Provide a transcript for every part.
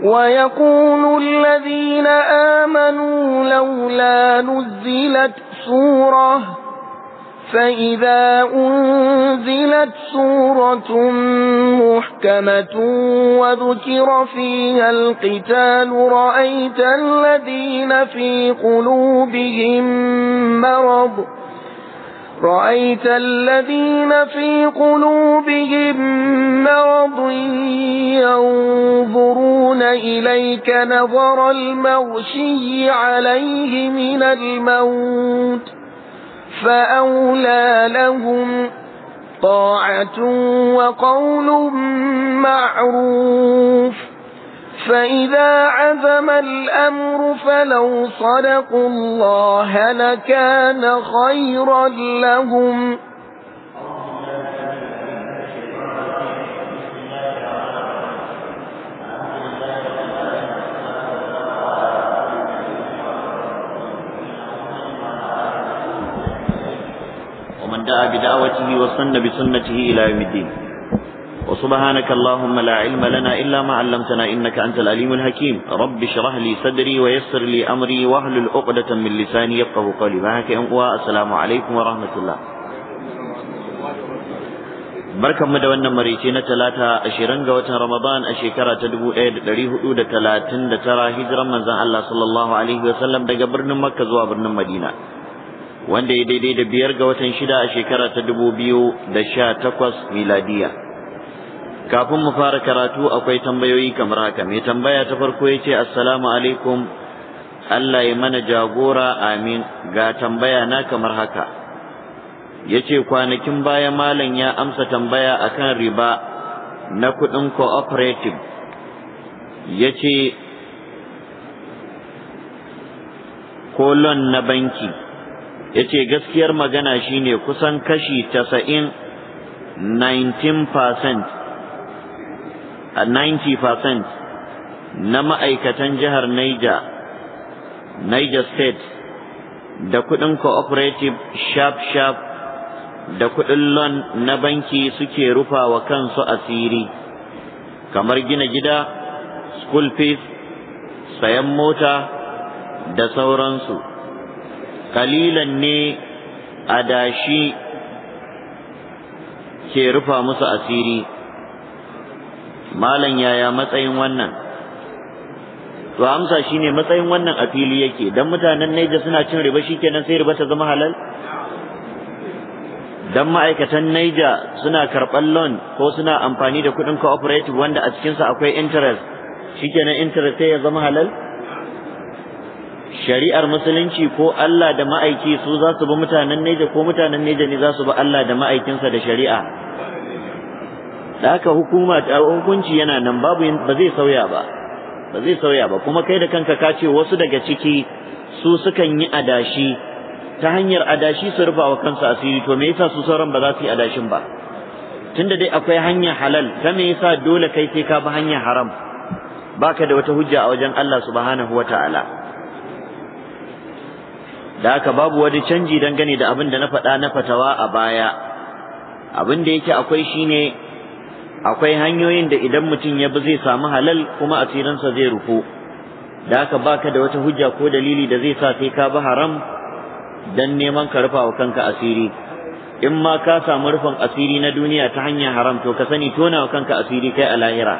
ويقول الذين آمنوا لولا نزلت سورة فإذا أنزلت سورة محكمة وذكر فيها القتال رأيت الذين في قلوبهم مرض رأيت الذين في قلوبهم مرض ينظرون إليك نظر المغشي عليه من الموت فأولى لهم طاعة وقول معروف فَإِذَا عَزَمَ الْأَمْرُ فَلَوْ صَدَقُوا اللَّهَ لَكَانَ خَيْرًا لَّهُمْ ومن دعا بدعوته وصن بسنته إلى يوم الدين وسبحانك اللهم لا علم لنا إلا ما علمتنا إنك أنت الأليم الحكيم رب اشرح لي صدري ويسر لي أمري واحلل عقدة من لساني يفقه قولي معك والسلام عليكم ورحمة الله barkan mu da wannan marice na talata ashirin ga watan ramadan a shekara ta dubu ɗaya da ɗari hudu da talatin da tara hijiran manzan Allah sallallahu alaihi wa sallam daga birnin makka zuwa birnin madina wanda ya daidai da biyar ga watan shida a shekara ta dubu biyu da sha takwas miladiya kafin mu fara karatu akwai tambayoyi kamar haka mai tambaya ta farko ya ce assalamu alaikum Allah ya mana jagora amin ga tambaya na kamar haka ya ce kwanakin baya malam ya amsa tambaya akan riba na kuɗin cooperative ya ce kolon na banki ya ce gaskiyar magana shine kusan kashi 90 19% 90% na ma'aikatan jihar Niger Niger State da kuɗin cooperative sharp sharp da kuɗin loan na banki suke rufa wa kansu asiri kamar gina gida school fees sayan mota da sauransu kalilan ne adashi ke rufa musu asiri malam yaya matsayin wannan to amsa shine matsayin wannan a fili yake dan mutanen Niger suna cin riba shikenan sai riba ta zama halal dan ma'aikatan Niger suna karɓar loan ko suna amfani da kuɗin cooperative wanda a sa akwai interest shikenan interest sai ya zama halal shari'ar musulunci ko Allah da ma'aiki su za su bi mutanen Neja ko mutanen Neja ne za su bi Allah da ma'aikinsa da shari'a da haka hukuma ta hukunci yana nan babu ba zai sauya ba ba zai sauya ba kuma kai da kanka ka ce wasu daga ciki su sukan yi adashi ta hanyar adashi su rufa wa kansu asiri to me yasa su sauran ba za su yi adashin ba tunda dai akwai hanya halal ta me yasa dole kai sai ka bi hanya haram baka da wata hujja a wajen Allah subhanahu wataala da haka babu wani canji dangane da abin da na faɗa na fatawa a baya abin da yake akwai shine akwai hanyoyin da idan mutum ya bi zai samu halal kuma asirinsa zai rufu da aka baka da wata hujja ko dalili da zai sa sai ka bi haram dan neman ka rufa wa kanka asiri in ma ka samu rufin asiri na duniya ta hanyar haram to ka sani tona wa kanka asiri kai a lahira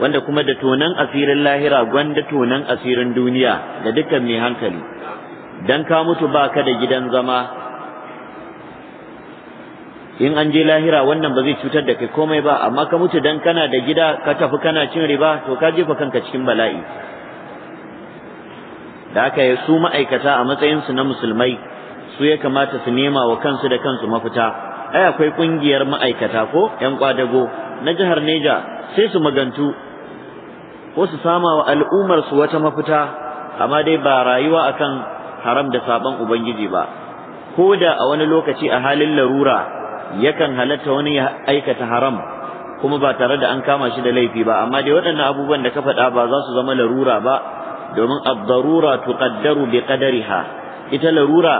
wanda kuma da tonan asirin lahira gwanda tonan asirin duniya da dukkan mai hankali dan ka mutu baka da gidan zama in an je lahira wannan ba zai cutar da kai komai ba amma ka mutu dan kana da gida ka tafi kana cin riba to ka jefa kanka cikin bala'i da aka ya su ma'aikata a matsayin su na musulmai su ya kamata su nema wa kansu da kansu mafita ai akwai kungiyar ma'aikata ko yan kwadago na jihar Neja sai su magantu ko su sama wa al'ummar su wata mafita amma dai ba rayuwa akan haram da saban ubangiji ba ko da a wani lokaci a halin larura yakan halatta wani ya aikata haram kuma ba tare da an kama shi da laifi ba amma dai waɗannan abubuwan da ka faɗa ba za su zama larura ba domin ad-darura tuqaddaru bi qadariha ita larura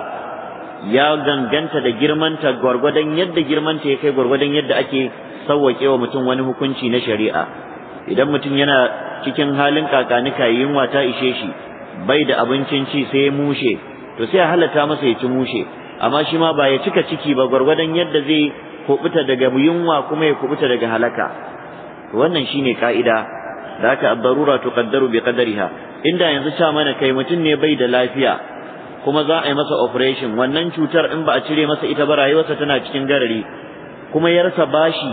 ya ganganta da girmanta gwargwadon yadda girmanta ya kai gwargwadon yadda ake sawwake wa mutum wani hukunci na shari'a idan mutum yana cikin halin kakanika yunwa ta ishe shi bai da abincin ci sai ya mushe to sai a halatta masa ya ci mushe amma shi ma ba ya cika ciki ba gwargwadon yadda zai kubuta daga yunwa kuma ya kubuta daga halaka wannan shine ka'ida da aka ad-darura tuqaddaru bi qadariha inda yanzu ta mana kai mutum ne bai da lafiya kuma za a yi masa operation wannan cutar in ba a cire masa ita ba rayuwarsa tana cikin garari kuma ya rasa bashi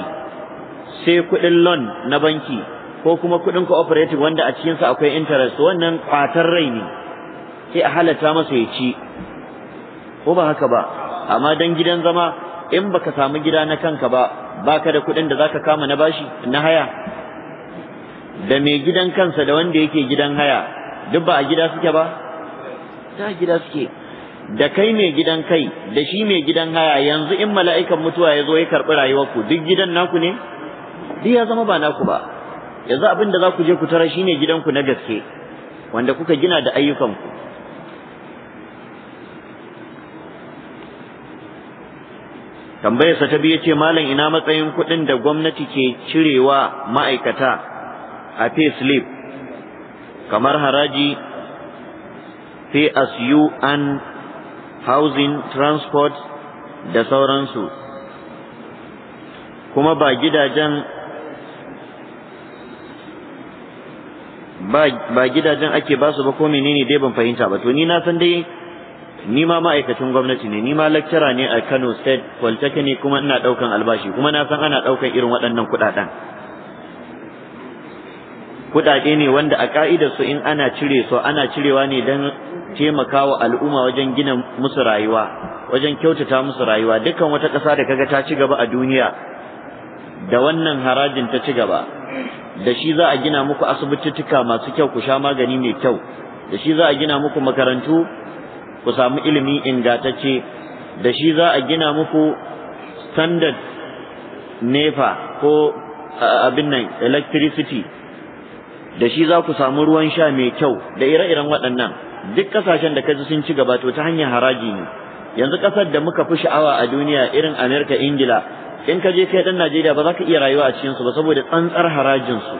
sai kuɗin loan na banki ko kuma kuɗin cooperative wanda a cikinsa akwai interest wannan kwatar rai ne sai a halatta masa ya ci ko ba haka ba amma dan gidan zama in baka samu gida na kanka ba baka da kuɗin da zaka kama na bashi na haya da mai gidan kansa da wanda yake gidan haya duk ba a gida suke ba ta gida suke da kai mai gidan kai da shi mai gidan haya yanzu in mala'ikan mutuwa ya zo ya karɓi rayuwarku duk gidan naku ne duk ya zama ba naku ba yanzu abin da za ku je ku tara shine gidanku na gaske wanda kuka gina da ayyukan ku. tambayar sa ta biyu ce malam ina matsayin kuɗin da gwamnati ke cirewa ma'aikata a pay slip kamar haraji pay as you and housing transport da sauransu kuma ba gidajen ba gidajen ake basu ba ko menene dai ban fahimta ba to ni na san dai ni ma ma'aikacin gwamnati ne ni ma lecturer ne a Kano State Polytechnic kuma ina daukan albashi kuma na san ana daukan irin waɗannan kuɗaɗen kuɗaɗe ne wanda a ka'idar su in ana cire su ana cirewa ne don taimakawa al'umma wajen gina musu rayuwa wajen kyautata musu rayuwa dukkan wata ƙasa da kaga ta ci gaba a duniya da wannan harajin ta ci gaba da shi za a gina muku asibitittuka masu kyau ku sha magani mai kyau da shi za a gina muku makarantu ku samu ilimi ingatacce da shi za a gina muku standard nefa ko abin nan electricity da shi za ku samu ruwan sha mai kyau da ire-iren waɗannan duk ƙasashen da ka ji sun ci gaba to ta hanyar haraji ne yanzu ƙasar da muka fi sha'awa a duniya irin amerika ingila in ka je kai ɗan najeriya ba za ka iya rayuwa a cikinsu ba saboda tsantsar harajinsu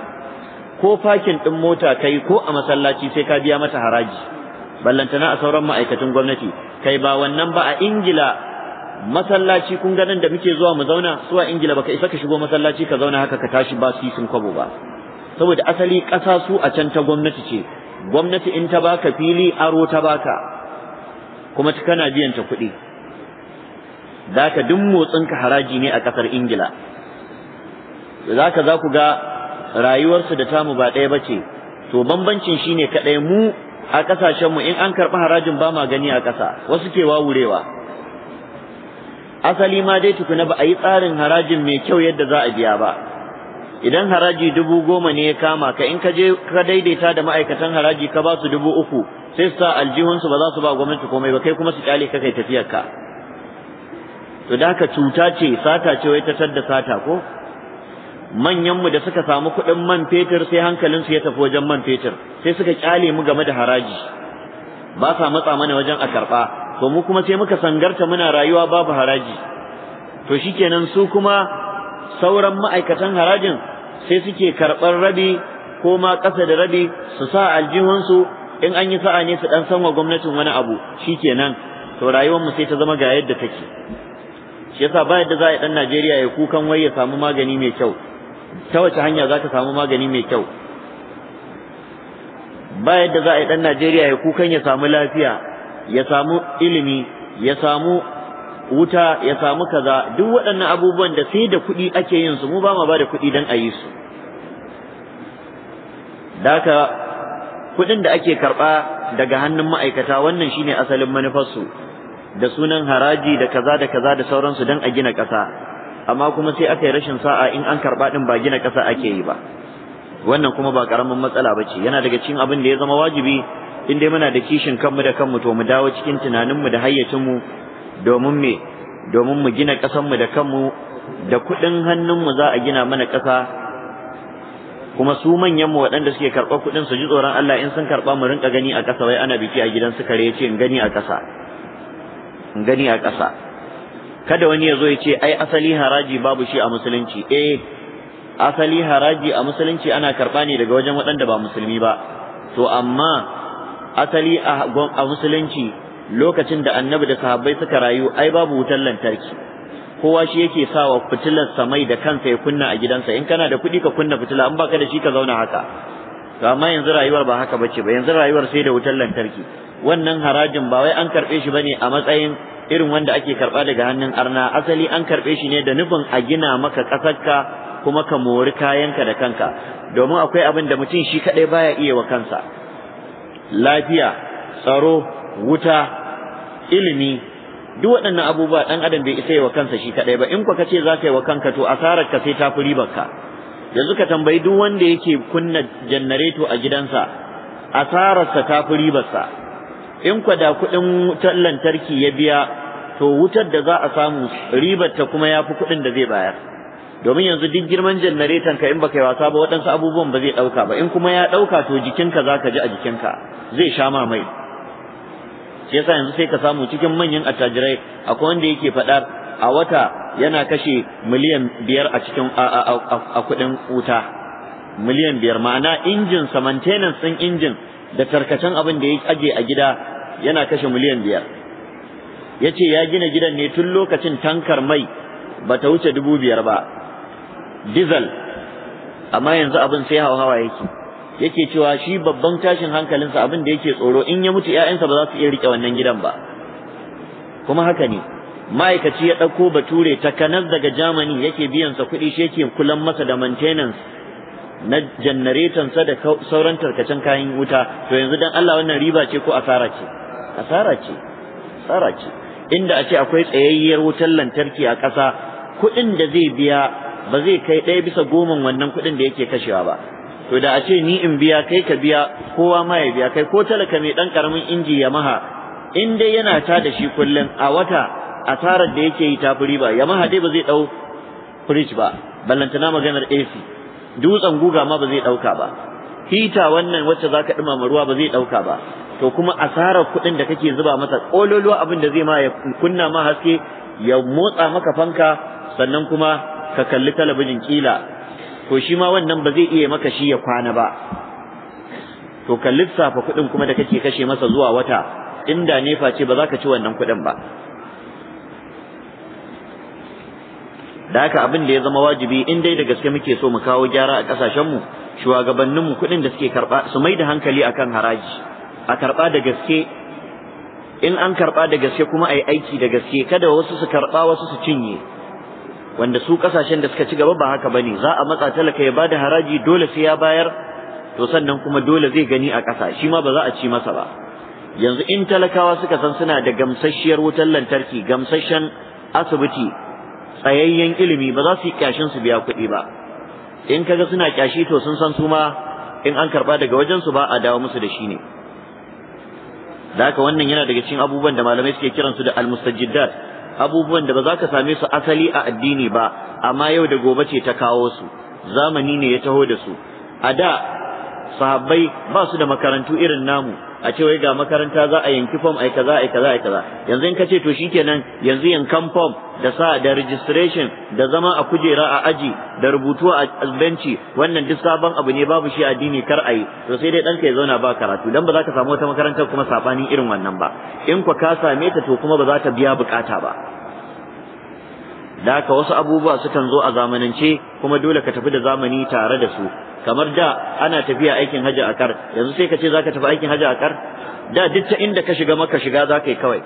ko fakin ɗin mota kai ko a masallaci sai ka biya mata haraji ballantana a sauran ma'aikatan gwamnati kai ba wannan ba a ingila masallaci kun ganin da muke zuwa mu zauna su a ingila baka isa ka shigo masallaci ka zauna haka ka tashi ba su sun kwabo ba saboda asali ƙasa su a can ta gwamnati ce gwamnati in ta baka fili aro ta baka kuma kana biyan ta kuɗi zaka duk motsin ka haraji ne a ƙasar ingila za ka za ku ga rayuwarsu da tamu ba ɗaya ba ce to bambancin shine kaɗai mu a ƙasashenmu in an karɓi harajin ba ma gani a ƙasa wasu ke wawurewa asali ma dai tukuna ba a yi tsarin harajin mai kyau yadda za a biya ba idan haraji dubu goma ne ya kama ka in ka je ka daidaita da ma'aikatan haraji ka ba su dubu uku sai su sa aljihunsu ba za su ba gwamnati komai ba kai kuma su kyale ka kai ka to da haka cuta ce sata ce wai ta da sata ko manyanmu da suka samu kuɗin man fetur sai hankalinsu ya tafi wajen man fetur sai suka kyale mu game da haraji ba sa matsa mana wajen a karɓa to mu kuma sai muka sangarta muna rayuwa babu haraji to shikenan su kuma sauran ma'aikatan harajin sai suke karɓar rabi ko ma ƙasa da rabi su sa aljihunsu in an yi sa'a ne su ɗan sanwa gwamnatin wani abu shikenan to rayuwarmu sai ta zama ga yadda take shi yasa ba yadda za a yi ɗan Najeriya ya kukan wai ya samu magani mai kyau ta wace hanya za ka samu magani mai kyau ba yadda za a yi ɗan Najeriya ya kukan ya samu lafiya ya samu ilimi ya samu wuta ya samu kaza duk waɗannan abubuwan da sai da kuɗi ake yin su mu ba ma ba da kuɗi don a yi su daka kuɗin da ake karɓa daga hannun ma'aikata wannan shine asalin manufarsu da sunan haraji da kaza da kaza da sauransu don a gina ƙasa amma kuma sai aka rashin sa'a in an karɓa ɗin ba gina ƙasa ake yi ba wannan kuma ba ƙaramin matsala ba ce yana daga cikin abin da ya zama wajibi in dai muna da kishin kanmu da kanmu to mu dawo cikin tunaninmu da hayyacinmu domin me domin mu gina ƙasanmu da kanmu da kuɗin hannunmu za a gina mana ƙasa kuma su manyanmu waɗanda suke karɓar kuɗin su ji tsoron Allah in sun karɓa mu rinka gani a ƙasa wai ana biki a gidan su kare yace in gani a ƙasa in gani a ƙasa kada wani ya zo ya ce ai asali haraji babu shi a musulunci eh asali haraji a musulunci ana karɓa ne daga wajen waɗanda ba musulmi ba to amma asali a musulunci lokacin da annabi da sahabbai suka rayu ai babu wutar lantarki kowa shi yake sawa fitilar samai da kansa ya kunna a gidansa in kana da kuɗi ka kunna fitila in baka da shi ka zauna haka to amma yanzu rayuwar ba haka bace ba yanzu rayuwar sai da wutar lantarki wannan harajin ba wai an karɓe shi bane a matsayin irin wanda ake karba daga hannun arna asali an karɓe shi ne da nufin a gina maka kasarka kuma ka mori kayanka da kanka domin akwai abin da mutum shi kaɗai baya iya wa kansa lafiya tsaro wuta ilimi duk waɗannan abubuwa ɗan adam bai isa wa kansa shi kaɗai ba in kwa ce za ka yi wa kanka to asarar ka sai ta fi ribar ka yanzu ka tambayi duk wanda yake kunna janareto a gidansa asararsa ta fi ribarsa in kwada kuɗin wutar lantarki ya biya to wutar da za a samu ribarta kuma ya fi kuɗin da zai bayar domin yanzu duk girman janareton ka in baka yi wasa ba waɗansu abubuwan ba zai ɗauka ba in kuma ya ɗauka to jikinka za ka ji a jikinka zai sha mamai shi yasa yanzu sai ka samu cikin manyan attajirai akwai wanda yake faɗa a wata yana kashe miliyan biyar a cikin a kuɗin wuta miliyan biyar ma'ana injin sa maintenance ɗin injin da tarkacen abin da ya ajiye a gida yana kashe miliyan biyar ya ce ya gina gidan ne tun lokacin tankar mai ba ta wuce dubu biyar ba Dizal. amma yanzu abin sai hawa yake yake cewa shi babban tashin hankalinsa abin da yake tsoro in ya mutu 'ya'yansa ba za su iya rike wannan gidan ba kuma haka ne ma'aikaci ya ɗauko bature ta kanas daga germany yake biyansa kuɗi shi yake kulan masa da maintenance na sa da sauran tarkacen kayan wuta to yanzu dan Allah wannan riba ce ko asara ce asara ce asara ce inda a ce akwai tsayayyiyar wutar lantarki a ƙasa kuɗin da zai biya ba zai kai ɗaya bisa goman wannan kuɗin da yake kashewa ba to da a ce ni in biya kai ka biya kowa ma ya biya kai ko talaka mai ɗan ƙaramin inji ya maha in dai yana ta da shi kullum a wata asarar da yake yi ta furi ba, ya dai ba zai dau fridge ba ballantana maganar AC dutsen guga ma ba zai dauka ba hita wannan wacce zaka ɗumama ruwa ba zai dauka ba to kuma asarar kuɗin da kake zuba masa kololo abin da zai ma ya kunna ma haske ya motsa maka fanka sannan kuma ka kalli talabijin kila to shi ma wannan ba zai iya maka shi ya kwana ba to ka lissafa kuɗin kuma da kake kashe masa zuwa wata inda nefa ce ba za ka ci wannan kuɗin ba da haka abin da ya zama wajibi in dai da gaske muke so mu kawo gyara a kasashenmu shugabanninmu kuɗin da suke karɓa su mai da hankali akan haraji a karɓa da gaske in an karɓa da gaske kuma a yi aiki da gaske kada wasu su karɓa wasu su cinye wanda su ƙasashen da suka ci gaba ba haka bane za a matsa talaka ya ba da haraji dole sai ya bayar to sannan kuma dole zai gani a ƙasa shi ma ba za a ci masa ba yanzu in talakawa suka san suna da gamsasshiyar wutar lantarki gamsasshen asibiti tsayayyen ilimi ba za su yi kyashin su biya kuɗi ba in kaga suna kyashi to sun san su ma in an karba daga wajen su ba a dawo musu da shi ne da haka wannan yana daga cikin abubuwan da malamai suke kiran kiransu da almustajiddat abubuwan da ba za ka same su asali a addini ba amma yau da gobe ce ta kawo su zamani ne ya taho da su a da sahabbai ba su da makarantu irin namu a ce wai ga makaranta za a yanki form ai kaza ai kaza ai kaza yanzu in ka ce to shikenan yanzu yankan form da sa da registration da zama a kujera a aji da rubutu a benci wannan duk sabon abu ne babu shi addini kar ayi to sai dai ɗanka ya zauna ba karatu dan ba za ka samu wata makarantar kuma sabanin irin wannan ba in kwa ka same ta to kuma ba za ta biya bukata ba da haka wasu abubuwa sukan zo a zamanance kuma dole ka tafi da zamani tare da su kamar da ana tafiya aikin hajji a kar yanzu sai ka ce zaka tafi aikin hajji a kar da duk ta inda ka shiga maka shiga za yi kawai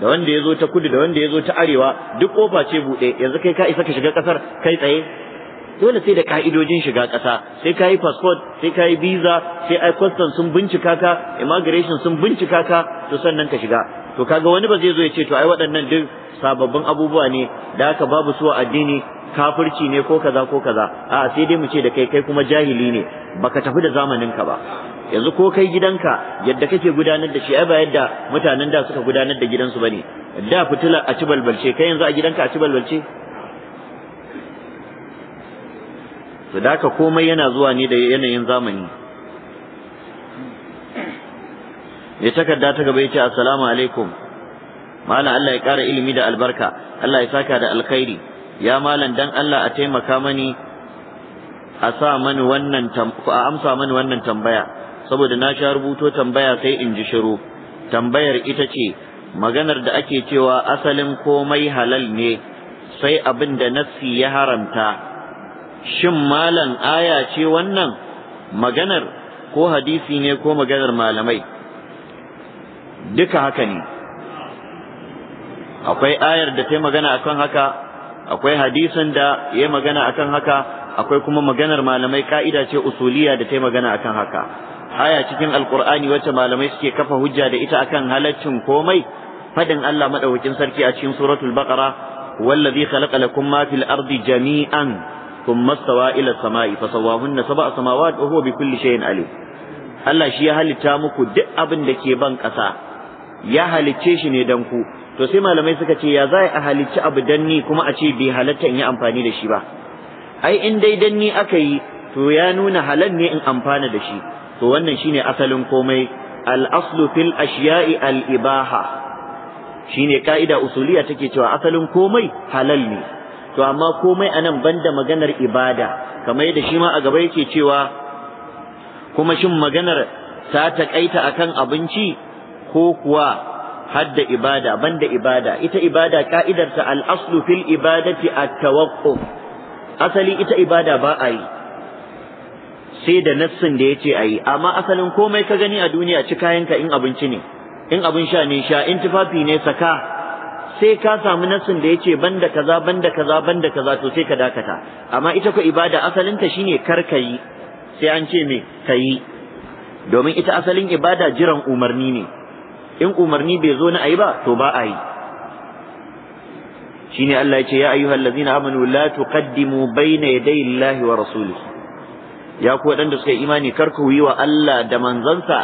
da wanda ya zo ta kudu da wanda ya zo ta arewa duk kofa ce buɗe yanzu kai ka isa ka shiga ƙasar kai tsaye dole sai da ka'idojin shiga ƙasa sai ka yi passport sai ka yi visa sai ai custom sun bincika ka immigration sun bincika ka to sannan ka shiga to kaga wani ba zai zo ya ce to ai waɗannan duk sababbin abubuwa ne da haka babu su a addini kafirci ne ko kaza ko kaza a sai dai mu ce da kai kai kuma jahili ne baka tafi da zamaninka ba yanzu ko kai gidanka yadda kake gudanar da shi ai ba yadda mutanen da suka gudanar da gidansu bane da fitila a ci balbalce kai yanzu a gidanka a ci balbalce to da haka komai yana zuwa ne da yanayin zamani ya takarda ta gaba ya ce assalamu alaikum malam Allah ya ƙara ilimi da albarka Allah ya saka da alkhairi ya malam dan Allah a taimaka mani a sa mani wannan a amsa mani wannan tambaya saboda na sha rubuto tambaya sai in ji shiru tambayar ita ce maganar da ake cewa asalin komai halal ne sai abin da nassi ya haramta shin malam aya ce wannan maganar ko hadisi ne ko maganar malamai duka haka ne akwai ayar da ta magana akan haka akwai hadisin da ya magana akan haka akwai kuma maganar malamai ka'ida ce usuliya da ta magana akan haka aya cikin alqur'ani wacce malamai suke kafa hujja da ita akan halaccin komai fadin Allah madaukakin sarki a cikin suratul baqara wallazi khalaqa lakum ma fil ardi jami'an thumma stawa ila samai sawahunna sab'a samawat wa huwa bi kulli shay'in alim Allah shi ya halitta muku duk abin da ke ban ƙasa ya halicce shi ne dan ku to sai malamai suka ce ya za a halicci abu danni kuma a ce bai halatta in yi amfani da shi ba ai in dai danni aka yi to ya nuna halal ne in amfana da shi to wannan shine asalin komai al aslu fil ashiya'i al ibaha shine ka'ida usuliya take cewa asalin komai halal ne to amma komai anan banda maganar ibada kamar yadda shi ma a gaba yake cewa kuma shin maganar ta taƙaita akan abinci ko kuwa hadda ibada banda ibada ita ibada ka'idarta al-aslu fil ibadati at-tawaqquf asali ita ibada ba a yi sai da nassin da yace ayi amma asalin komai ka gani a duniya ci kayan ka in abinci ne in abin sha ne sha in tufafi ne saka sai ka samu nassin da yace banda kaza banda kaza banda kaza to sai ka dakata amma ita ko ibada asalinta shine karkayi sai an ce me kayi domin ita asalin ibada jiran umarni ne in umarni bai zo na ayi ba to ba a yi shine Allah ya ce ya ayyuhal allazina amanu la tuqaddimu bayna yaday Allahi wa rasulihi ya ku wadanda suka imani kar ku yi wa Allah da manzansa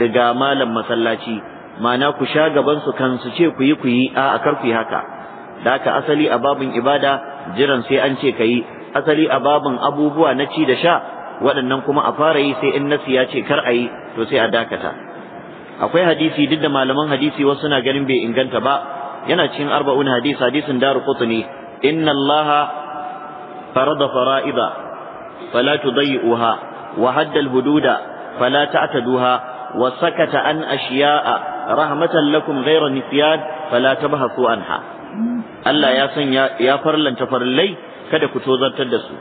riga malam masallaci ma'ana ku sha gaban su kan su ce ku yi ku yi a kar ku yi haka da ka asali a babin ibada jiran sai an ce ka yi asali a babin abubuwa na ci da sha waɗannan kuma a fara yi sai in nasi ya ce kar a yi to sai a dakata akwai hadisi duk da malaman hadisi wasu na ganin bai inganta ba yana cikin arba'un hadis hadisin daru qutni inna allaha farada fara'ida fala tudayyuha wa hadda hududa fala ta'taduha wa sakata an ashiya'a rahmatan lakum ghayra nisyan fala tabhasu anha Allah ya sanya ya farlanta farillai kada ku tozartar da su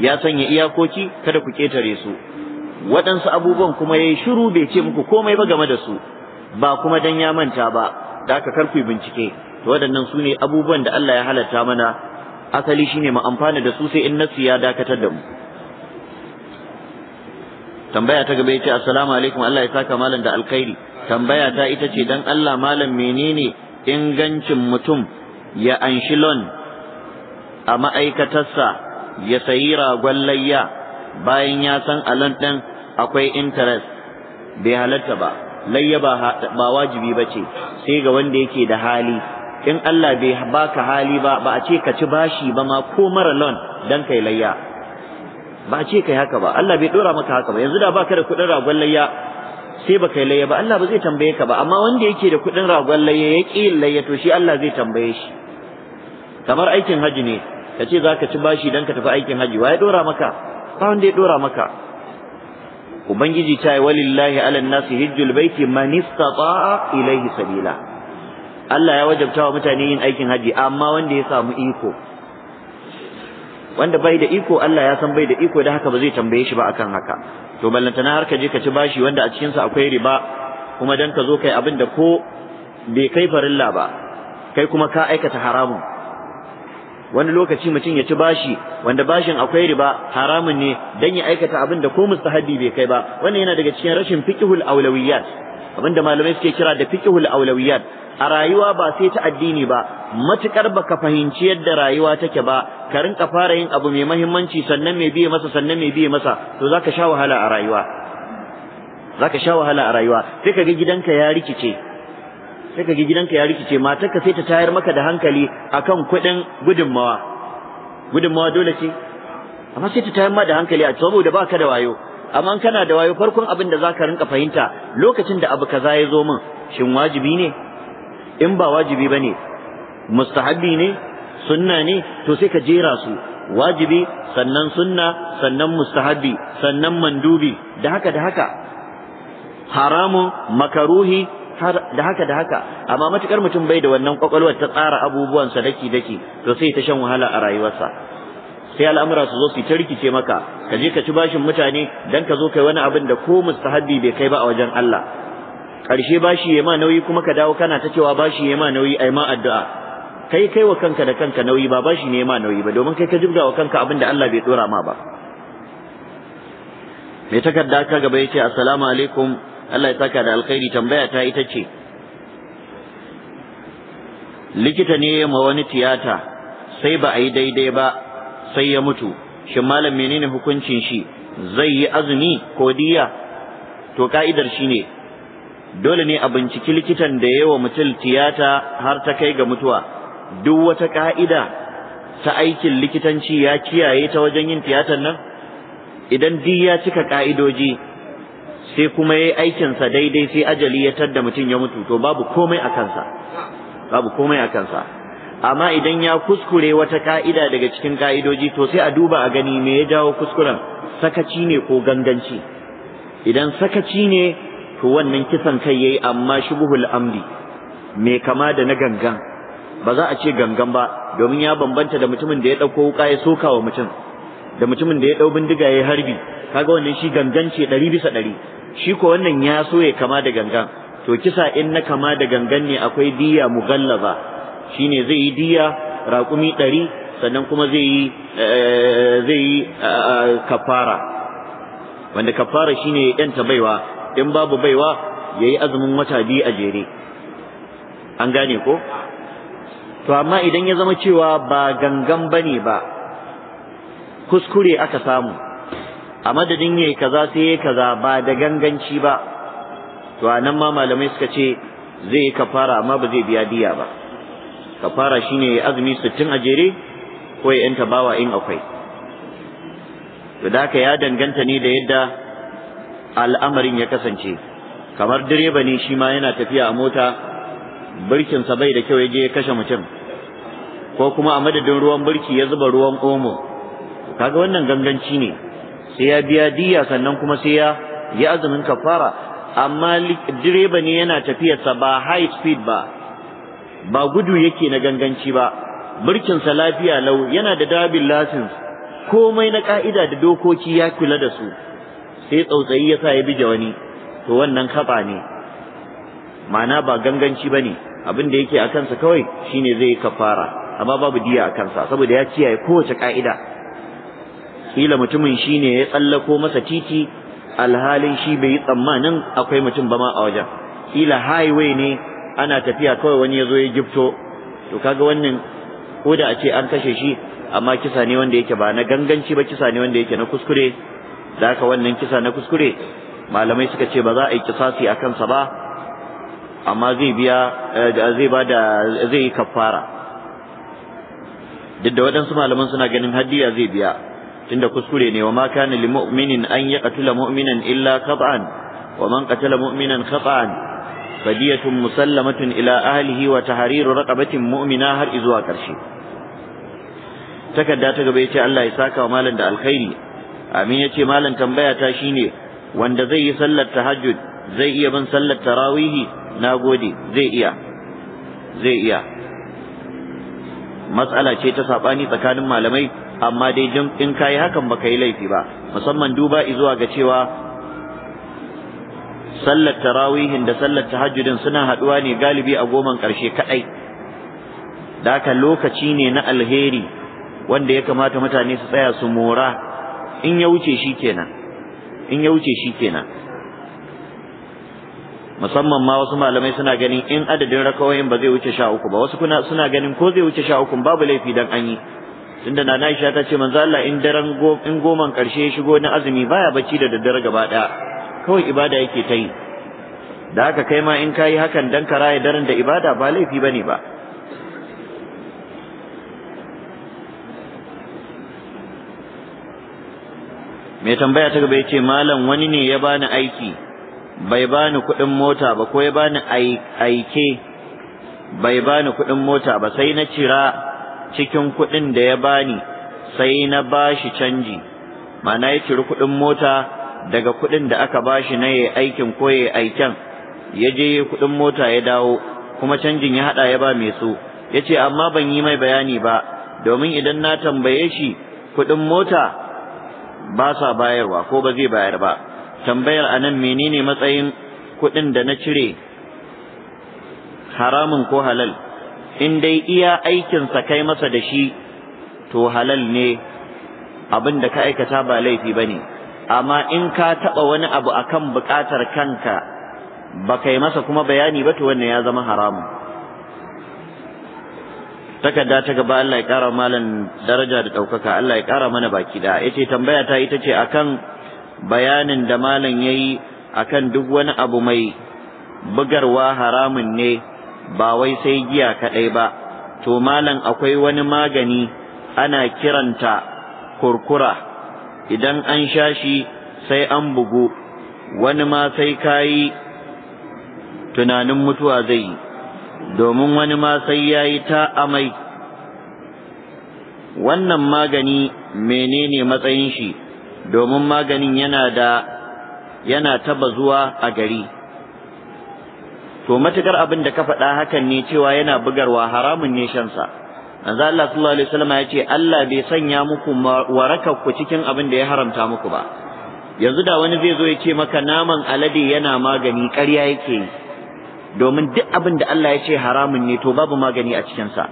ya sanya iyakoki kada ku ketare su waɗansu abubuwan kuma ya yi shiru bai ce muku komai ba game da su ba kuma dan ya manta ba da aka karfe bincike to waɗannan su ne abubuwan da Allah ya halatta mana asali shine mu amfana da su sai in nasu ya dakatar da mu tambaya ta gaba yace assalamu alaikum Allah ya saka malam da alkhairi tambaya ta ita ce dan Allah malam menene ingancin mutum ya anshi lon a ma'aikatarsa ya sayi ragon layya bayan ya san alon ɗin akwai interest bai halatta ba layya ba wajibi ba ce sai ga wanda yake da hali in Allah bai baka hali ba ba a ce ka ci bashi ba ma ko mara loan dan kai layya ba a ce kai haka ba Allah bai dora maka haka ba yanzu da baka da kuɗin ragon layya sai ba kai layya ba Allah ba zai tambaye ka ba amma wanda yake da kuɗin ragon layya ya ƙi layya to shi Allah zai tambaye shi kamar aikin haji ne ka ce za ka ci bashi dan ka tafi aikin haji wa ya dora maka ba wanda ya dora maka ubangiji ta yi walillahi alan nasi hijjul baiti man istata'a ilaihi sabila Allah ya wajabta wa mutane yin aikin haji amma wanda ya samu iko wanda bai da iko Allah ya san bai da iko da haka ba zai tambaye shi ba akan haka to ballantana har ka je ka ci bashi wanda a cikinsa akwai riba kuma dan ka zo kai abin da ko bai kai farilla ba kai kuma ka aikata haramun wani lokaci mutum ya ci bashi wanda bashin akwai riba haramun ne dan ya aikata abin da ko mustahabi bai kai ba wannan yana daga cikin rashin fiqhul aulawiyat abinda malamai suke kira da fiqhul aulawiyat a rayuwa ba sai ta addini ba matukar baka fahimci yadda rayuwa take ba ka rinka fara yin abu mai muhimmanci sannan mai biye masa sannan mai biye masa to zaka sha wahala a rayuwa zaka sha wahala a rayuwa sai ga gidanka ya rikice sai ka gidanka ya rikice matarka sai ta tayar maka da hankali akan kuɗin gudunmawa gudunmawa dole ce amma sai ta tayar ma da hankali a saboda baka da wayo amma kana da wayo farkon abin da zaka rinka fahimta lokacin da abu kaza ya zo min shin wajibi ne in ba wajibi bane mustahabi ne sunna ne to sai ka jera su wajibi sannan sunna sannan mustahabi sannan mandubi da haka da haka haramun makaruhi har da haka da haka amma matukar mutum bai da wannan kwakwalwar ta tsara abubuwan sa daki daki to sai ta shan wahala a rayuwarsa sai al'amura su zo su ta rikice maka ka je ka ci bashin mutane dan ka zo kai wani abin da ko mustahabi bai kai ba a wajen Allah karshe bashi ya ma nauyi kuma ka dawo kana ta cewa bashi ya ma nauyi ai ma addu'a kai kai wa kanka da kanka nauyi ba bashi ne ma nauyi ba domin kai ka jibga wa kanka abin da Allah bai dora ma ba Me takarda ka gaba yace assalamu alaikum Allah ya saka da alkhairi tambaya ta ita ce likita ne ya ma wani tiyata sai ba a yi daidai ba sai ya mutu Shi malam menene hukuncin shi zai yi azumi ko diya to ka'idar shi ne dole ne a binciki likitan da yawa mutum tiyata har ta kai ga mutuwa duk wata ka'ida ta aikin likitanci ya kiyaye ta wajen yin tiyatar nan idan diya cika ka'idoji sai kuma yayi aikinsa daidai sai ajali ya tadda mutum ya mutu to babu komai a kansa babu komai a kansa amma idan ya kuskure wata ka'ida daga cikin ka'idoji to sai a duba a gani me ya jawo kuskuren sakaci ne ko ganganci idan sakaci ne to wannan kisan kai yayi amma shubuhul amdi me kama da na gangan ba za a ce gangan ba domin ya bambanta da mutumin da ya dauko wuka ya soka wa mutum da mutumin da ya dau bindiga ya harbi kaga wannan shi gangan ce ɗari bisa ɗari shi ko wannan ya so ya kama da gangan to kisa in na kama da gangan ne akwai diya mugallaba shine zai yi diya raƙumi ɗari sannan kuma zai yi eh, zai yi eh, kafara wanda kafara shine yanta baiwa in babu baiwa yayi azumin wata biyu a jere an gane ko to amma idan ya zama cewa ba gangan bane ba kuskure aka samu a madadin yayi kaza sai yayi kaza ba da ganganci ba to anan ma malamai suka ce zai kafara amma ba zai biya diya ba kafara shine yayi azumi 60 a jere ko ya yanta bawa in akwai to da ya danganta ne da yadda al'amarin ya kasance kamar direba ne shi ma yana tafiya a mota birkinsa bai da kyau ya je ya kashe mutum ko kuma a madadin ruwan birki ya zuba ruwan omo kaga wannan ganganci ne sai ya biya diya sannan kuma sai ya yi azumin kafara amma direba ne yana tafiyarsa ba high speed ba ba gudu yake na ganganci ba birkinsa lafiya lau yana da dabin license komai na ka'ida da dokoki ya kula da su sai tsautsayi ya sa ya bi wani to wannan kafa ne ma'ana ba ganganci ba ne abin da yake a kansa kawai shine zai kafara amma babu diya a kansa saboda ya kiyaye kowace ka'ida kila mutumin shine ya tsallako masa titi alhalin shi bai yi tsammanin akwai mutum ba ma a wajen kila highway ne ana tafiya kawai wani ya zo ya gifto to kaga wannan ko da a ce an kashe shi amma kisa ne wanda yake ba na ganganci ba kisa ne wanda yake na kuskure da haka wannan kisa na kuskure malamai suka ce ba za a yi kisasi a kansa ba amma zai biya eh, zai ba da zai yi kafara duk da waɗansu malaman suna ganin hadiya zai biya tunda kuskure ne wa ma kana lil mu'minin an yaqtula mu'minan illa khata'an wa man qatala mu'minan khata'an fadiyatun musallamatun ila ahlihi wa tahriru raqabatin mu'mina har izuwa karshe takarda ta gaba yace Allah ya saka wa malam da alkhairi amin yace malam tambaya ta shine wanda zai yi sallar tahajjud zai iya bin sallar tarawihi nagode zai iya zai iya matsala ce ta sabani tsakanin malamai amma dai in kayi hakan baka yi laifi ba musamman duba zuwa ga cewa sallar tarawihin da sallar tahajjudin suna haɗuwa ne galibi a goman karshe kaɗai da haka lokaci ne na alheri wanda ya kamata mutane su tsaya su mora in ya wuce shi kenan in ya wuce shi kenan musamman ma wasu malamai suna ganin in adadin rakawoyin ba zai wuce sha uku ba wasu kuna suna ganin ko zai wuce sha uku babu laifi dan an yi tunda nana Aisha ta ce manzo Allah in daren in goman karshe ya shigo na azumi baya bacci da daddare gaba daya kawai ibada yake ta yi da haka kai ma in kayi hakan dan ka raya daren da ibada ba laifi bane ba mai tambaya ta gaba yace malam wani ne ya bani aiki bai bani kuɗin mota ba ko ya bani aike bai bani kuɗin mota ba sai na cira cikin kuɗin da ya bani sai na bashi canji ma'ana ya ciri kuɗin mota daga kuɗin da aka bashi na yayi aikin ko aiken ya je kuɗin mota ya dawo kuma canjin ya haɗa ya ba mai so ya ce amma ban yi mai bayani ba domin idan na tambaye shi kuɗin mota ba sa bayarwa ko ba zai bayar ba tambayar a nan menene matsayin kuɗin da na cire haramun ko halal in dai iya aikinsa kai masa da shi to halal ne abin da ka aikata ba laifi ba ne amma in ka taɓa wani abu akan buƙatar kanka ba kai masa kuma bayani ba to wannan ya zama haramun takarda ta gaba Allah ya ƙara malam daraja da ɗaukaka Allah ya ƙara mana baki da ya tambaya ta ita ce akan bayanin da malam ya yi akan duk wani abu mai bugarwa haramun ne ba wai sai giya kaɗai ba to malam akwai wani magani ana kiranta kurkura idan an sha shi sai an bugu wani ma sai kayi tunanin mutuwa zai yi domin wani ma sai ya yi ta amai wannan magani menene matsayin shi domin maganin yana da yana taba zuwa a gari to matukar abin da ka faɗa hakan ne cewa yana bugarwa haramun ne shan sa manzo Allah sallallahu alaihi wasallam ya ce Allah bai sanya muku warakar ku cikin abin da ya haramta muku ba yanzu da wani zai zo ya ce maka naman alade yana magani ƙarya yake yi domin duk abin da Allah ya ce haramun ne to babu magani a cikin sa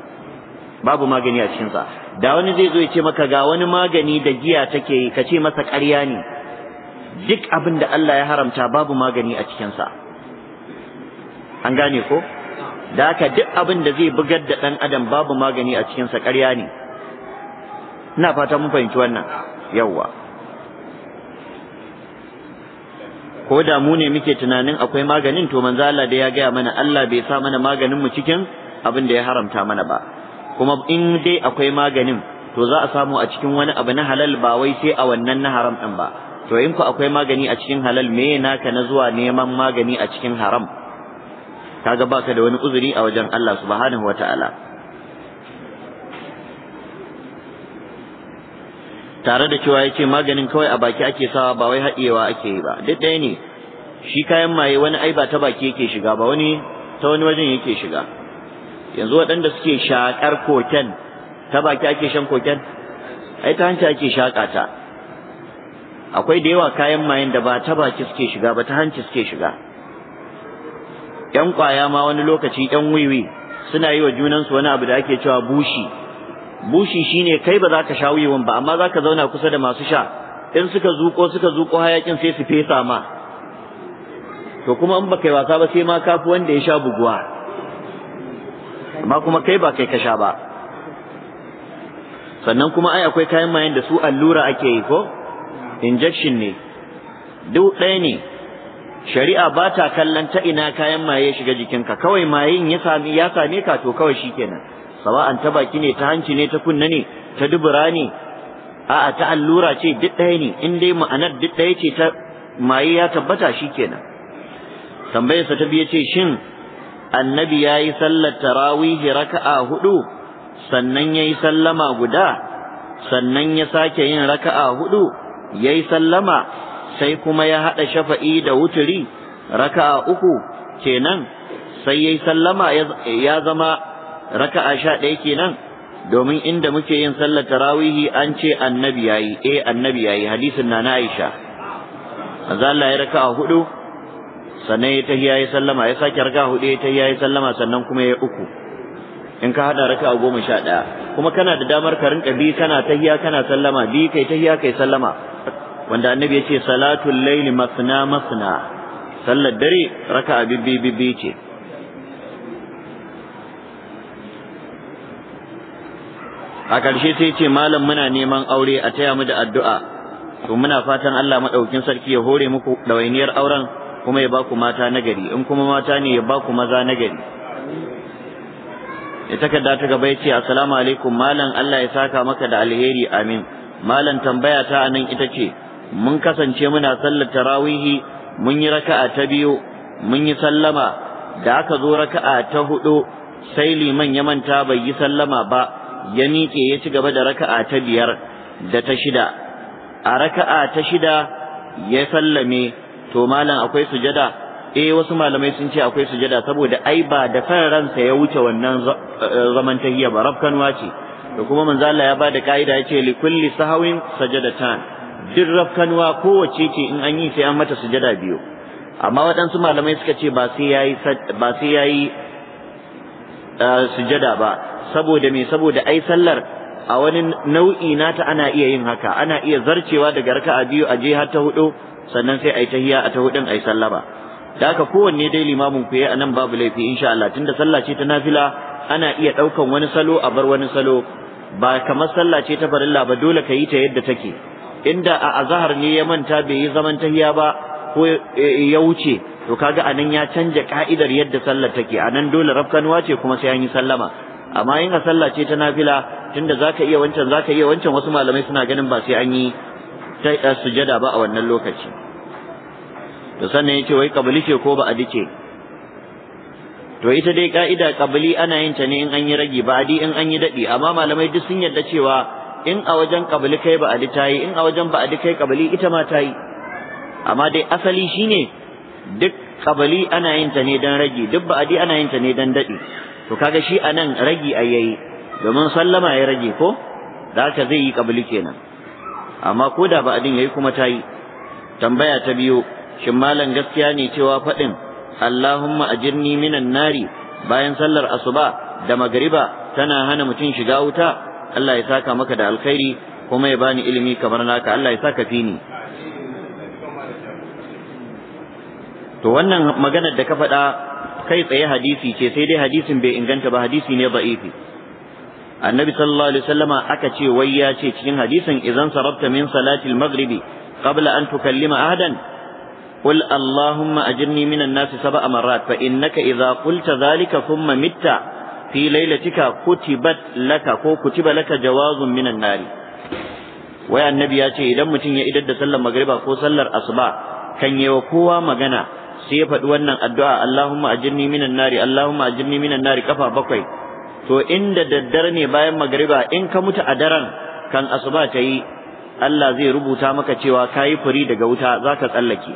babu magani a cikin sa da wani zai zo ya ce maka ga wani magani da giya take yi ka ce masa ƙarya ne duk abin da Allah ya haramta babu magani a cikin sa an gane ko da haka duk abin da zai bugar da ɗan adam babu magani a cikinsa ƙarya ne ina fata mun fahimci wannan yawwa ko da mu ne muke tunanin akwai maganin to manzo Allah da ya gaya mana Allah bai sa mana maganin mu cikin abin da ya haramta mana ba kuma in dai akwai maganin to za a samu a cikin wani abu na halal ba wai sai a wannan na haram din ba to in ku akwai magani a cikin halal me naka na zuwa neman magani a cikin haram kaga baka da wani uzuri a wajen Allah subhanahu wataala tare da cewa yake maganin kawai a baki ake sawa ba wai haɗewa ake yi ba duk ɗaya ne shi kayan maye wani ai ba ta baki yake shiga ba wani ta wani wajen yake shiga yanzu waɗanda suke shakar koken ta baki ake shan koken ai ta hanci ake shaƙa ta akwai da yawa kayan mayen da ba ta baki suke shiga ba ta hanci suke shiga yan kwaya ma wani lokaci yan wiwi suna yi wa junansu wani abu da ake cewa bushi bushi shine kai ba za ka sha wiwin ba amma za ka zauna kusa da masu sha in suka zuko suka zuko hayakin sai su fesa ma to kuma in baka yi wasa ba sai ma kafi wanda ya sha buguwa amma kuma kai ba kai ka sha ba sannan kuma ai akwai kayan mayan da su allura ake yi ko injection ne duk ɗaya ne shari'a ba ta kallon ta ina kayan maye ya shiga jikinka kawai mayin ya sami ya same ka to kawai shikenan sawa'an ta baki ne ta hanci ne ta kunna ne ta dubura ne a'a ta allura ce duk ɗaya ne in dai ma'anar duk ɗaya ce ta maye ya tabbata shikenan tambayarsa ta biye ce shin annabi ya yi sallar tarawihi raka'a hudu sannan ya yi sallama guda sannan ya sake yin raka'a hudu ya yi sallama sai kuma ya haɗa shafa'i da wuturi raka'a uku kenan sai yayi sallama ya zama raka'a sha ɗaya kenan domin inda muke yin sallar tarawihi an ce annabi yayi eh annabi yayi hadisin na na Aisha azalla ya raka'a hudu sannan ya tahiya ya sallama ya sake raka'a hudu ya tahiya ya sallama sannan kuma ya uku in ka hada raka'a goma sha ɗaya kuma kana da damar ka rinka bi kana tahiya kana sallama bi kai tahiya kai sallama wanda annabi ya ce salatul laili masna masna sallar dare raka bibbi bibbi ce a ƙarshe sai ce malam muna neman aure a taya mu da addu'a to muna fatan Allah maɗaukin sarki ya hore muku ɗawainiyar auren kuma ya ba ku mata nagari in kuma mata ne ya ba ku maza nagari ya takarda ta gaba ya ce assalamu alaikum malam Allah ya saka maka da alheri amin malam tambaya ta anan ita ce mun kasance muna sallar tarawihi mun yi raka'a ta biyu mun yi sallama da aka zo raka'a ta hudu sai liman ya manta bai yi sallama ba ya miƙe ya ci gaba da raka'a ta biyar da ta shida a raka'a ta shida ya sallame to malam akwai sujada eh wasu malamai sun ce akwai sujada saboda ai ba da kan ransa ya wuce wannan eh, zaman tahiyya ba rafkanwa ce da kuma manzo Allah ya da kaida yace li kulli sahawin sajadatan duk rafkanuwa kowace ce in an yi sai an mata sujada biyu amma waɗansu malamai suka ce ba sai yayi ba sai yayi sujada ba saboda me saboda ai sallar a wani nau'i nata ana iya yin haka ana iya zarcewa daga raka'a biyu a je har ta hudu sannan sai ai tahiya a ta hudun ai sallaba da haka kowanne dai limamin ku yayi anan babu laifi insha Allah tunda sallah ce ta nafila ana iya ɗaukan wani salo a bar wani salo ba kamar sallah ce ta farilla ba dole ka yi ta yadda take inda a azahar ne ya manta bai yi zaman tahiya ba ko ya wuce to kaga anan ya canja ka'idar yadda sallar take anan dole rafkanuwa ce kuma sai an yi sallama amma in a sallah ce ta nafila tunda zaka iya wancan zaka iya wancan wasu malamai suna ganin ba sai an yi sujada ba a wannan lokaci to sannan yace wai kabili ce ko ba a ce to ita dai ka'ida kabili ana yin ta ne in an yi ragi ba adi in an yi dadi amma malamai duk sun yarda cewa in a wajen kabili kai ba adi tayi in a wajen ba adi kai kabili ita ma tayi amma dai asali shine duk kabili ana yin ta ne dan ragi duk ba adi ana yin ta ne dan dadi to kaga shi anan rage ayayi domin sallama ya rage ko da haka zai yi kabili kenan amma ko da ba adin yayi kuma tayi tambaya ta biyu shin malam gaskiya ne cewa faɗin Allahumma ajirni minan nari bayan sallar asuba da magariba tana hana mutum shiga wuta Allah ya saka maka da alkhairi kuma ya bani ilimi kamar naka Allah ya saka fini to wannan maganar da ka faɗa kai tsaye hadisi ce sai dai hadisin bai inganta ba hadisi ne da'ifi annabi sallallahu alaihi wasallama aka ce wai ya ce cikin hadisin idan sarabta min salatil maghribi qabla an tukallima ahadan قل اللهم أجرني من الناس سبع مرات فإنك إذا قلت ذلك ثم مت fi lailatika kutibat laka ko kutiba laka jawazun minan nari Waya annabi ya ce idan mutum ya idar da sallar magriba ko sallar asuba kan yi wa kowa magana sai ya faɗi wannan addu'a Allahumma ajirni minan nari Allahumma ajirni minan nari kafa bakwai to inda daddare ne bayan magriba in ka mutu a daren kan asuba ta yi Allah zai rubuta maka cewa ka furi daga wuta zaka tsallake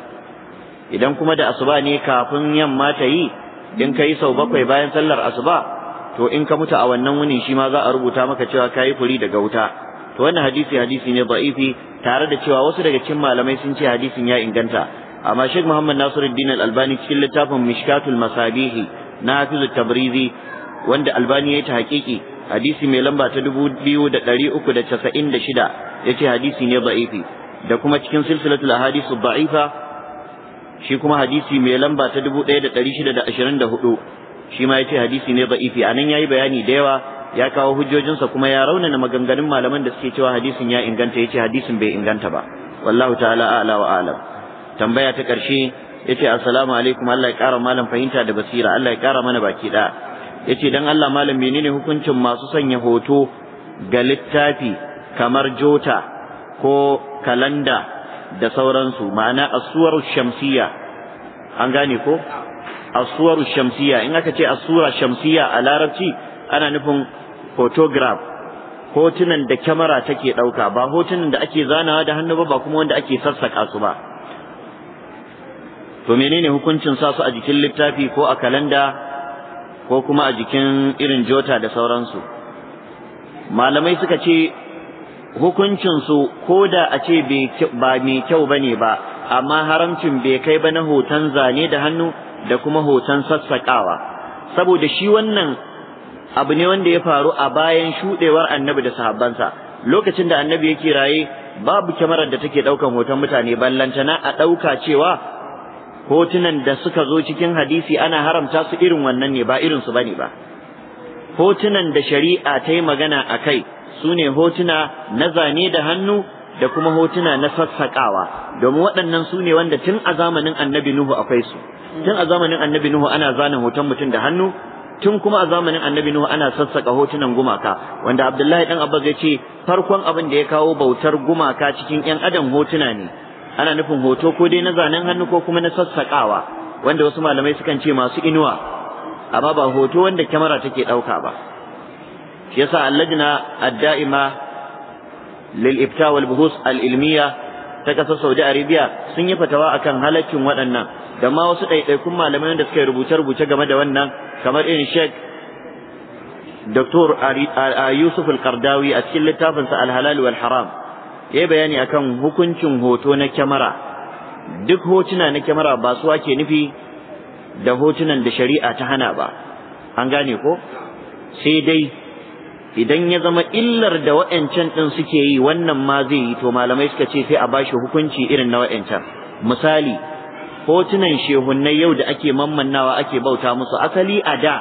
idan kuma da asuba ne kafin yamma ta yi in ka sau bakwai bayan sallar asuba to in ka mutu a wannan wunin shi ma za a rubuta maka cewa kayi furi daga wuta to wannan hadisi hadisi ne da'ifi tare da cewa wasu daga cikin malamai sun ce hadisin ya inganta amma Sheikh Muhammad Nasiruddin Al-Albani cikin littafin Mishkatul Masabihi na Hafiz Tabrizi wanda Albani ya yi ta hakiki hadisi mai lamba ta 2396 yace hadisi ne da'ifi da kuma cikin silsilatul ahadithu da'ifa shi kuma hadisi mai lamba ta 1624 shi ma ya ce hadisi ne da'ifi anan yi bayani da yawa ya kawo hujjojinsa kuma ya raunana maganganun malaman da suke cewa hadisin ya inganta yace hadisin bai inganta ba wallahu ta'ala a'la wa a'lam tambaya ta karshe yace assalamu alaikum Allah ya kara malam fahimta da basira Allah ya kara mana baki da yace dan Allah malam menene hukuncin masu sanya hoto ga littafi kamar jota ko kalanda da sauransu ma'ana asuwar shamsiya an gane ko Asuwar shamsiya in aka ce asura Shamsiyya shamsiya a larabci ana nufin photograph hotunan da kyamara take ɗauka ba hotunan da ake zanawa da hannu ba ba kuma wanda ake sassaka su ba to menene hukuncin sa su a jikin littafi ko a kalanda ko kuma a jikin irin jota da sauransu malamai suka ce hukuncinsu ko da a ce ba mai kyau ba ba amma haramcin bai kai ba na hoton zane da hannu da kuma hoton sassaƙawa saboda shi wannan abu ne wanda ya faru a bayan shuɗewar annabi da sahabbansa lokacin da annabi yake raye babu kyamarar da take ɗaukan hoton mutane ballantana a ɗauka cewa hotunan da suka zo cikin hadisi ana haramta su irin wannan ne ba irin su bane ba hotunan da shari'a ta yi magana a kai su ne hotuna na zane da hannu da kuma hotuna na sassaƙawa domin waɗannan su ne wanda tun a zamanin annabi Nuhu akwai su tun a zamanin annabi Nuhu ana zana hoton mutum da hannu tun kuma a zamanin annabi Nuhu ana sassaƙa hotunan gumaka wanda Abdullahi dan Abbas ya ce farkon abin da ya kawo bautar gumaka cikin ƴan adam hotuna ne ana nufin hoto ko dai na zanen hannu ko kuma na sassaƙawa wanda wasu malamai sukan ce masu inuwa amma ba hoto wanda kyamara take ɗauka ba shi yasa alladina adda'ima lil iftawal wal buhus al ilmiya ta kasar Saudi arabiya sun yi fatawa akan halaccin waɗannan da ma wasu ɗaiɗaikun malamai da suka yi rubuce-rubuce game da wannan kamar irin Sheikh Dr. Yusuf al a cikin littafinsa Al-Halal wal Haram ya bayani akan hukuncin hoto na kyamara duk hotuna na kyamara ba su ake nufi da hotunan da shari'a ta hana ba an gane ko sai dai idan ya zama illar da wa'ancan din suke yi wannan ma zai yi to malamai suka ce sai a bashi hukunci irin na wa'ancan misali hotunan shehunnai yau da ake mammannawa ake bauta musu asali a da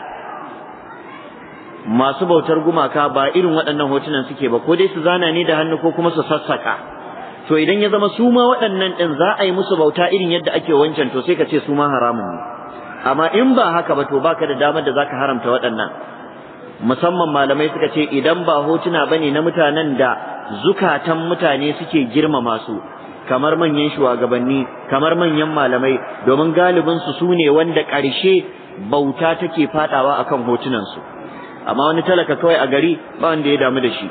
masu bautar gumaka ba irin waɗannan hotunan suke ba ko dai su zana ne da hannu ko kuma su sassaka to idan ya zama su ma waɗannan ɗin za a yi musu bauta irin yadda ake wancan to sai ka ce su ma haramun ne amma in ba haka ba to baka da damar da zaka haramta waɗannan musamman malamai suka ce idan ba hotuna bane na mutanen da zukatan mutane suke girmama su kamar manyan shugabanni kamar manyan malamai domin galibin su sune wanda ƙarshe bauta take fadawa akan hotunan su amma wani talaka kawai a gari ba wanda ya damu da shi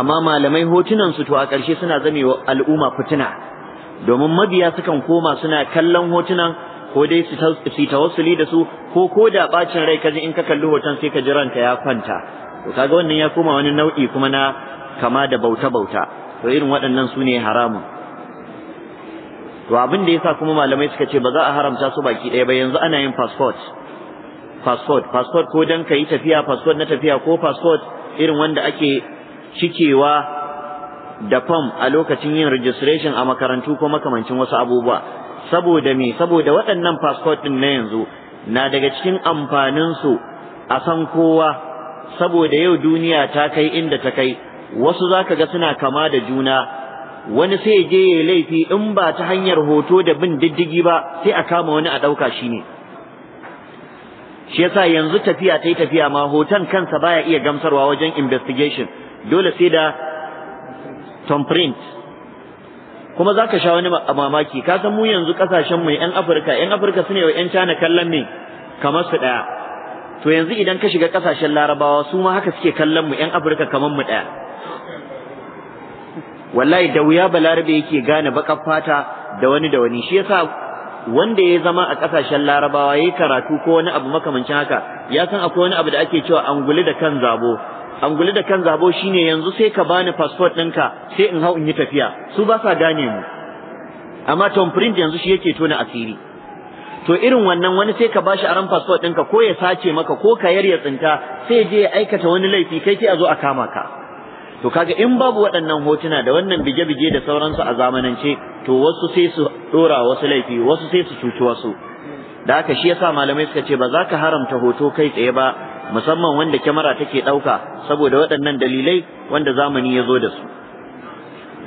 amma malamai hotunan su to a ƙarshe suna zamewa al'umma fituna, domin mabiya sukan koma suna kallon hotunan ko dai su tawassuli da su ko ko da bacin rai kaji in ka kalli hoton sai ka ji ranka ya kwanta to kaga wannan ya koma wani nau'i kuma na kama da bauta bauta to irin waɗannan su ne haramun to abin da yasa kuma malamai suka ce ba za a haramta su baki ɗaya ba yanzu ana yin passport passport passport ko dan ka yi tafiya passport na tafiya ko passport irin wanda ake cikewa da fam a lokacin yin registration a makarantu ko makamancin wasu abubuwa saboda me saboda waɗannan passport ɗin na yanzu na daga cikin amfanin su a san kowa saboda yau duniya ta kai inda ta kai wasu za ka ga suna kama da juna wani sai je ya laifi in ba ta hanyar hoto da bin diddigi ba sai a kama wani a ɗauka shi ne shi yasa yanzu tafiya ta yi tafiya ma hoton kansa baya iya gamsarwa wajen investigation dole sai da thumbprint kuma za ka sha wani mamaki ka san mu yanzu kasashen mu yan afirka yan afirka su ne wa yan cana kallon me kamar su ɗaya to yanzu idan ka shiga kasashen larabawa su ma haka suke kallon mu yan afirka kamar mu ɗaya wallahi da wuya balarabe yake gane baƙar fata da wani da wani shi yasa wanda ya zama a kasashen larabawa ya karatu ko wani abu makamancin haka ya san akwai wani abu da ake cewa anguli da kan zabo Angulu da kan zabo shine yanzu sai ka bani passport ɗinka sai in hau in yi tafiya su ba sa gane mu amma tom print yanzu shi yake tona asiri to irin wannan wani sai ka bashi aran passport ɗinka ko ya sace maka ko ka yarya tsinta sai je ya aikata wani laifi kai sai a zo a kama ka to kaga in babu waɗannan hotuna da wannan bige-bige da sauransu a zamanance to wasu sai su ɗora wasu laifi wasu sai su cuci wasu da haka shi yasa malamai suka ce ba za ka haramta hoto kai tsaye ba musamman wanda kyamara take ɗauka saboda waɗannan dalilai wanda zamani ya zo da su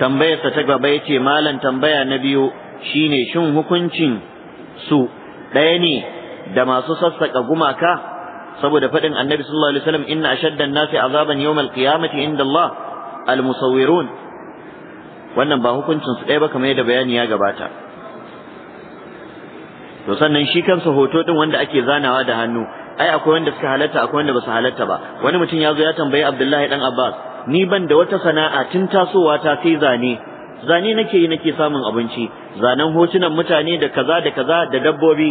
tambayarsa ta gaba ya ce malam tambaya na biyu shine shin hukuncin su ɗaya ne da masu sassaƙa gumaka saboda faɗin annabi sallallahu alaihi wasallam inna ashaddan nasi azaban yawmal qiyamati inda Allah al musawwirun wannan ba hukuncin su ɗaya ba kamar yadda bayani ya gabata to sannan shi kansa hoto ɗin wanda ake zanawa da hannu ai akwai wanda suka halatta akwai wanda ba su halatta ba wani mutum ya zo ya tambayi Abdullahi dan Abbas ni ban da wata sana'a tun tasowa ta sai zane zane nake yi nake samun abinci zanen hotunan mutane da kaza da kaza da dabbobi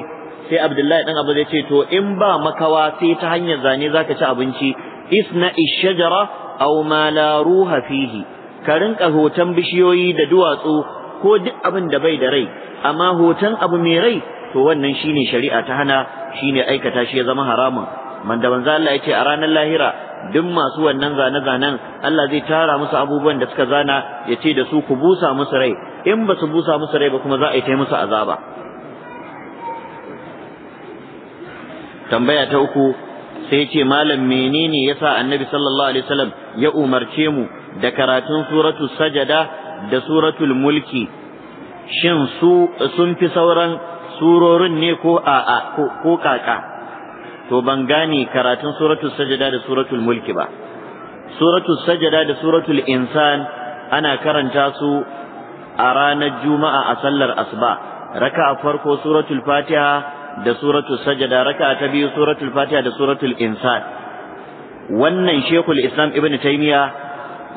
sai Abdullahi dan Abbas ya ce to in ba makawa sai ta hanyar zane zaka ci abinci isna ishajara aw ma la ruha fihi ka rinka hoton bishiyoyi da duwatsu ko duk abin da bai da rai amma hoton abu mai rai to wannan shine shari'a ta hana shine aikata shi ya zama haramun man da manzo Allah yace a ranar lahira duk masu wannan zane zanen Allah zai tara musu abubuwan da suka zana yace da su ku busa musu rai in ba su busa musu rai ba kuma za a yi ta musu azaba tambaya ta uku sai yace malam menene yasa annabi sallallahu alaihi wasallam ya umarce mu da karatun suratul sajada da suratul mulki shin su sun fi sauran surorin ne ko a'a ko kaka to ban gane karatun suratul sajada da suratul mulki ba suratul sajada da suratul insan ana karanta su a ranar juma'a a sallar asuba raka'a farko suratul fatiha da suratul sajada raka'a ta biyu suratul fatiha da suratul insan wannan shekul islam ibnu taymiya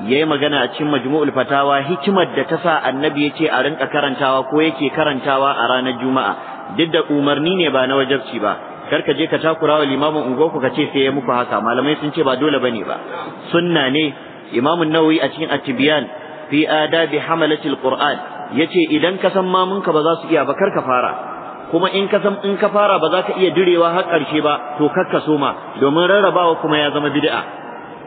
yayi magana a cikin majmu'ul fatawa hikimar da ta sa annabi yace a rinka karantawa ko yake karantawa a ranar juma'a duk da umarni ne ba na wajabci ba kar ka je ka takura wa limamin unguwarku ka ce sai ya muku haka malamai sun ce ba dole bane ba sunna ne imamun nawawi a cikin at-tibyan fi adabi hamalatil qur'an yace idan ka san mamunka ba za su iya ba kar ka fara kuma in ka san in ka fara ba za ka iya durewa har karshe ba to karka soma domin rarrabawa kuma ya zama bid'a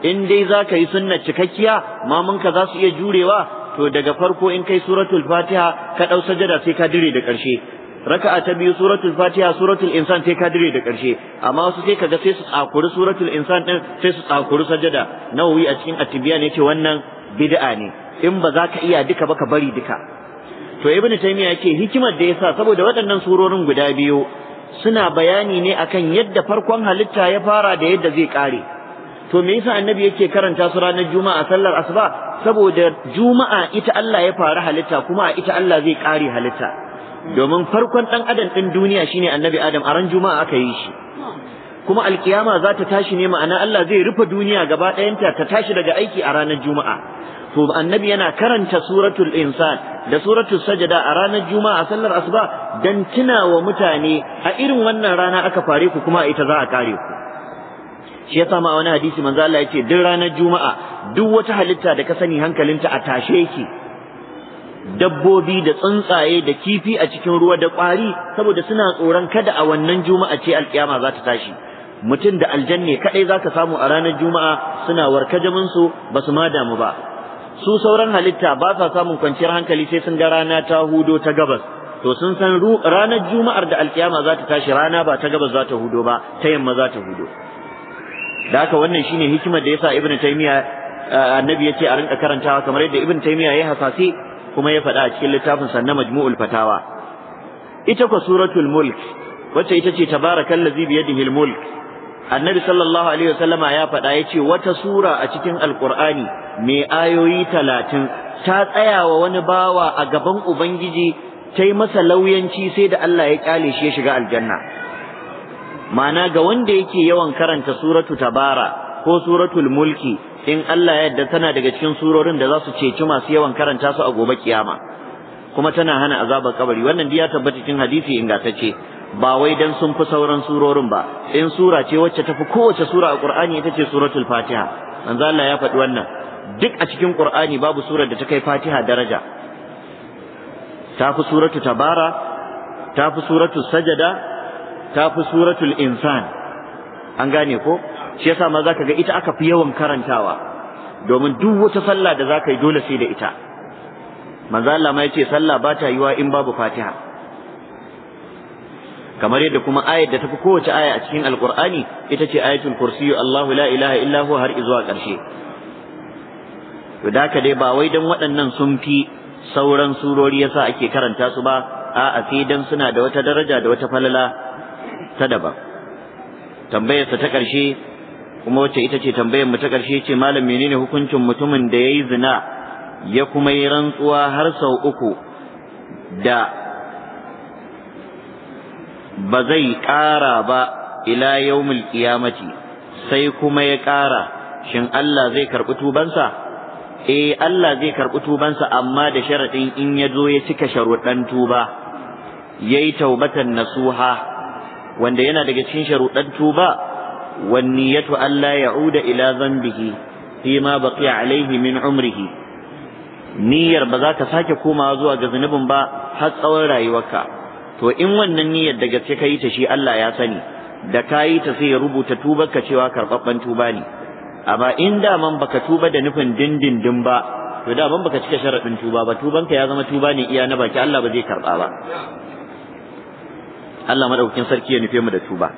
in dai za ka yi sunna cikakkiya mamanka za su iya jurewa to daga farko in kai suratul fatiha ka ɗau sajada sai ka dire da ƙarshe raka'a ta biyu suratul fatiha suratul insan sai ka dire da ƙarshe amma wasu sai kaga sai su tsakuri suratul insan ɗin sai su tsakuri sajada nawawi a cikin atibiya ne ce wannan bid'a ne in ba za ka iya duka ba ka bari duka to ibnu taymiya yake hikimar da yasa saboda waɗannan surorin guda biyu suna bayani ne akan yadda farkon halitta ya fara da yadda zai ƙare. to me yasa annabi yake karanta su ranar juma'a sallar asuba saboda juma'a ita Allah ya fara halitta kuma ita Allah zai kare halitta domin farkon dan adam din duniya shine annabi adam a ran juma'a aka yi shi kuma alkiyama za ta tashi ne ma'ana Allah zai rufe duniya gaba ɗayanta ta tashi daga aiki a ranar juma'a to annabi yana karanta suratul insan da suratul sajada a ranar juma'a sallar asuba dan tuna wa mutane a irin wannan rana aka fare ku kuma ita za a kare ku shi yasa ma wani hadisi manzo Allah yace duk ranar juma'a duk wata halitta da ka sani hankalinta a tashe yake dabbobi da tsuntsaye da kifi a cikin ruwa da kwari saboda suna tsoron kada a wannan juma'a ce alkiyama za ta tashi mutum da aljanne kadai za ka samu a ranar juma'a suna warkajamin su ba su ma damu ba su sauran halitta ba sa samun kwanciyar hankali sai sun ga rana ta hudo ta gabas to sun san ranar juma'ar da alkiyama za ta tashi rana ba ta gabas za ta hudo ba ta yamma za ta hudo da haka wannan shine hikimar da yasa ibnu taymiya annabi yace a rinka karantawa kamar yadda ibnu taymiya yayi hasasi kuma ya faɗa a cikin littafin sa na majmu'ul fatawa ita ko suratul mulk wacce ita ce tabarakallazi bi yadihi mulk annabi sallallahu alaihi wasallama ya faɗa yace wata sura a cikin alqur'ani mai ayoyi talatin ta tsaya wa wani bawa a gaban ubangiji ta yi masa lauyanci sai da Allah ya kyale shi ya shiga aljanna ma'ana ga wanda yake yawan karanta suratu tabara ko suratul mulki in Allah ya yadda tana daga cikin surorin da za su ceci masu yawan karanta su a gobe kiyama kuma tana hana azabar kabari wannan ya tabbata cikin hadisi ta ce, ba wai dan sun fi sauran surorin ba in sura ce wacce ta fi kowace sura a Qur'ani ita ce suratul Fatiha manzo Allah ya faɗi wannan duk a cikin Qur'ani babu surar da ta kai Fatiha daraja ta fi suratu Tabara ta fi suratu Sajada ta fi suratul insan an gane ko shi yasa ma zaka ga ita aka fi yawan karantawa domin duk wata sallah da zaka yi dole sai da ita manzo Allah ma yace sallah ba ta yiwa in babu Fatiha kamar yadda kuma ayar da tafi kowace aya a cikin alqur'ani ita ce ayatul kursi Allahu la ilaha illa huwa har zuwa karshe to da ka dai ba wai dan waɗannan sun fi sauran surori yasa ake karanta su ba a'a sai dan suna da wata daraja da wata falala ta daban tambayarsa ta ƙarshe kuma wacce ita ce tambayar mu ta ƙarshe ce malam menene hukuncin mutumin da yayi zina ya kuma yi rantsuwa har sau uku da ba zai ƙara ba ila yaumul qiyamati sai kuma ya ƙara shin Allah zai karɓi tubansa eh Allah zai karɓi tubansa amma da sharaɗin in ya zo ya cika sharuɗan tuba yayi taubatan nasuha wanda yana daga cikin sharuɗan tuba wan niyatu ya ya'uda ila dhanbihi fi ma baqiya alaihi min umrihi niyyar ba za ka sake komawa zuwa ga zunubin ba har tsawon rayuwarka to in wannan niyyar da gaske ka yi ta shi Allah ya sani da ka yi ta sai ya rubuta tubarka cewa karɓaɓɓen tuba ne amma in da man baka tuba da nufin dindindin ba to da ban baka cika sharaɗin tuba ba tubanka ya zama tuba ne iya na baki Allah ba zai karɓa ba Allah madaukakin sarki ya nufe mu da tuba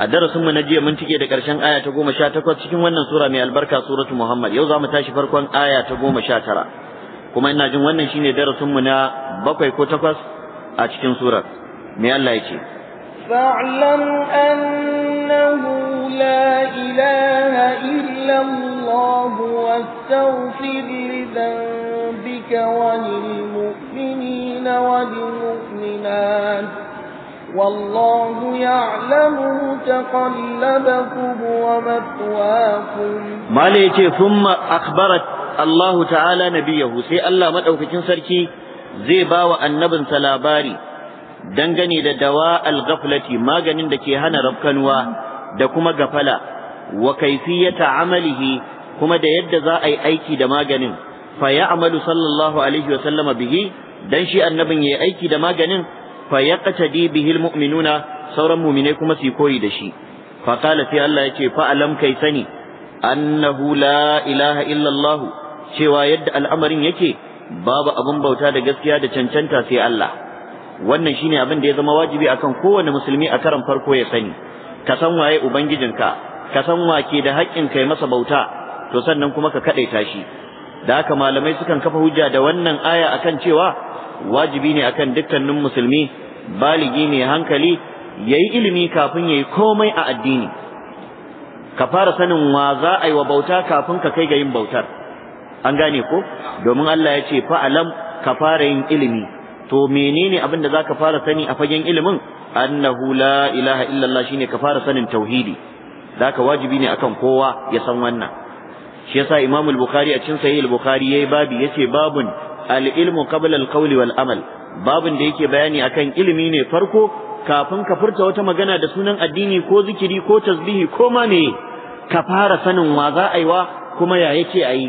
a darasin mu na jiya mun cike da karshen aya ta goma sha takwas cikin wannan sura mai albarka suratu Muhammad yau za mu tashi farkon aya ta goma sha tara kuma ina jin wannan shine darasin mu na bakwai ko takwas a cikin surar me Allah yake فاعلم أنه لا إله إلا الله واستغفر لذنبك وللمؤمنين والمؤمنات والله يعلم متقلبكم ومثواكم ما ليتي ثم أخبرت الله تعالى نبيه سي الله مدعوكتين سركي زي باوى النبن سلاباري dangane da dawa al-ghaflati maganin da ke hana rabkanwa da kuma gafala wa kaifiyata amalihi kuma da yadda za a yi aiki da maganin fa ya amalu sallallahu alaihi wa sallama bihi dan shi annabin ya yi aiki da maganin fa yaqtadi bihi almu'minuna sauran mu'minai kuma su koyi da shi fa qala sai Allah yace fa alam kai sani annahu la ilaha illa Allah cewa yadda al'amarin yake babu abin bauta da gaskiya da cancanta sai Allah wannan shine abin da ya zama wajibi akan kowane musulmi a karan farko ya sani ka san waye ubangijinka ka san wake da haƙƙin kai masa bauta to sannan kuma ka ta shi da haka malamai sukan kafa hujja da wannan aya akan cewa wajibi ne akan dukkanin musulmi baligi mai hankali yayi ilimi kafin yayi komai a addini ka fara sanin wa za a yi wa bauta kafin ka kai ga yin bautar an gane ko domin Allah ya ce fa'alam ka fara yin ilimi to menene abin da za ka fara sani a fagen ilimin annahu la ilaha illallah shine ka fara sanin tauhidi ka wajibi ne akan kowa ya san wannan shi yasa Imam al-Bukhari a cikin Sahih al-Bukhari yayi babi yace babun al-ilmu qabla al-qawli wal amal babin da yake bayani akan ilimi ne farko kafin ka furta wata magana da sunan addini ko zikiri ko tasbihi ko ma me ka fara sanin wa za a yi wa kuma ya yake a yi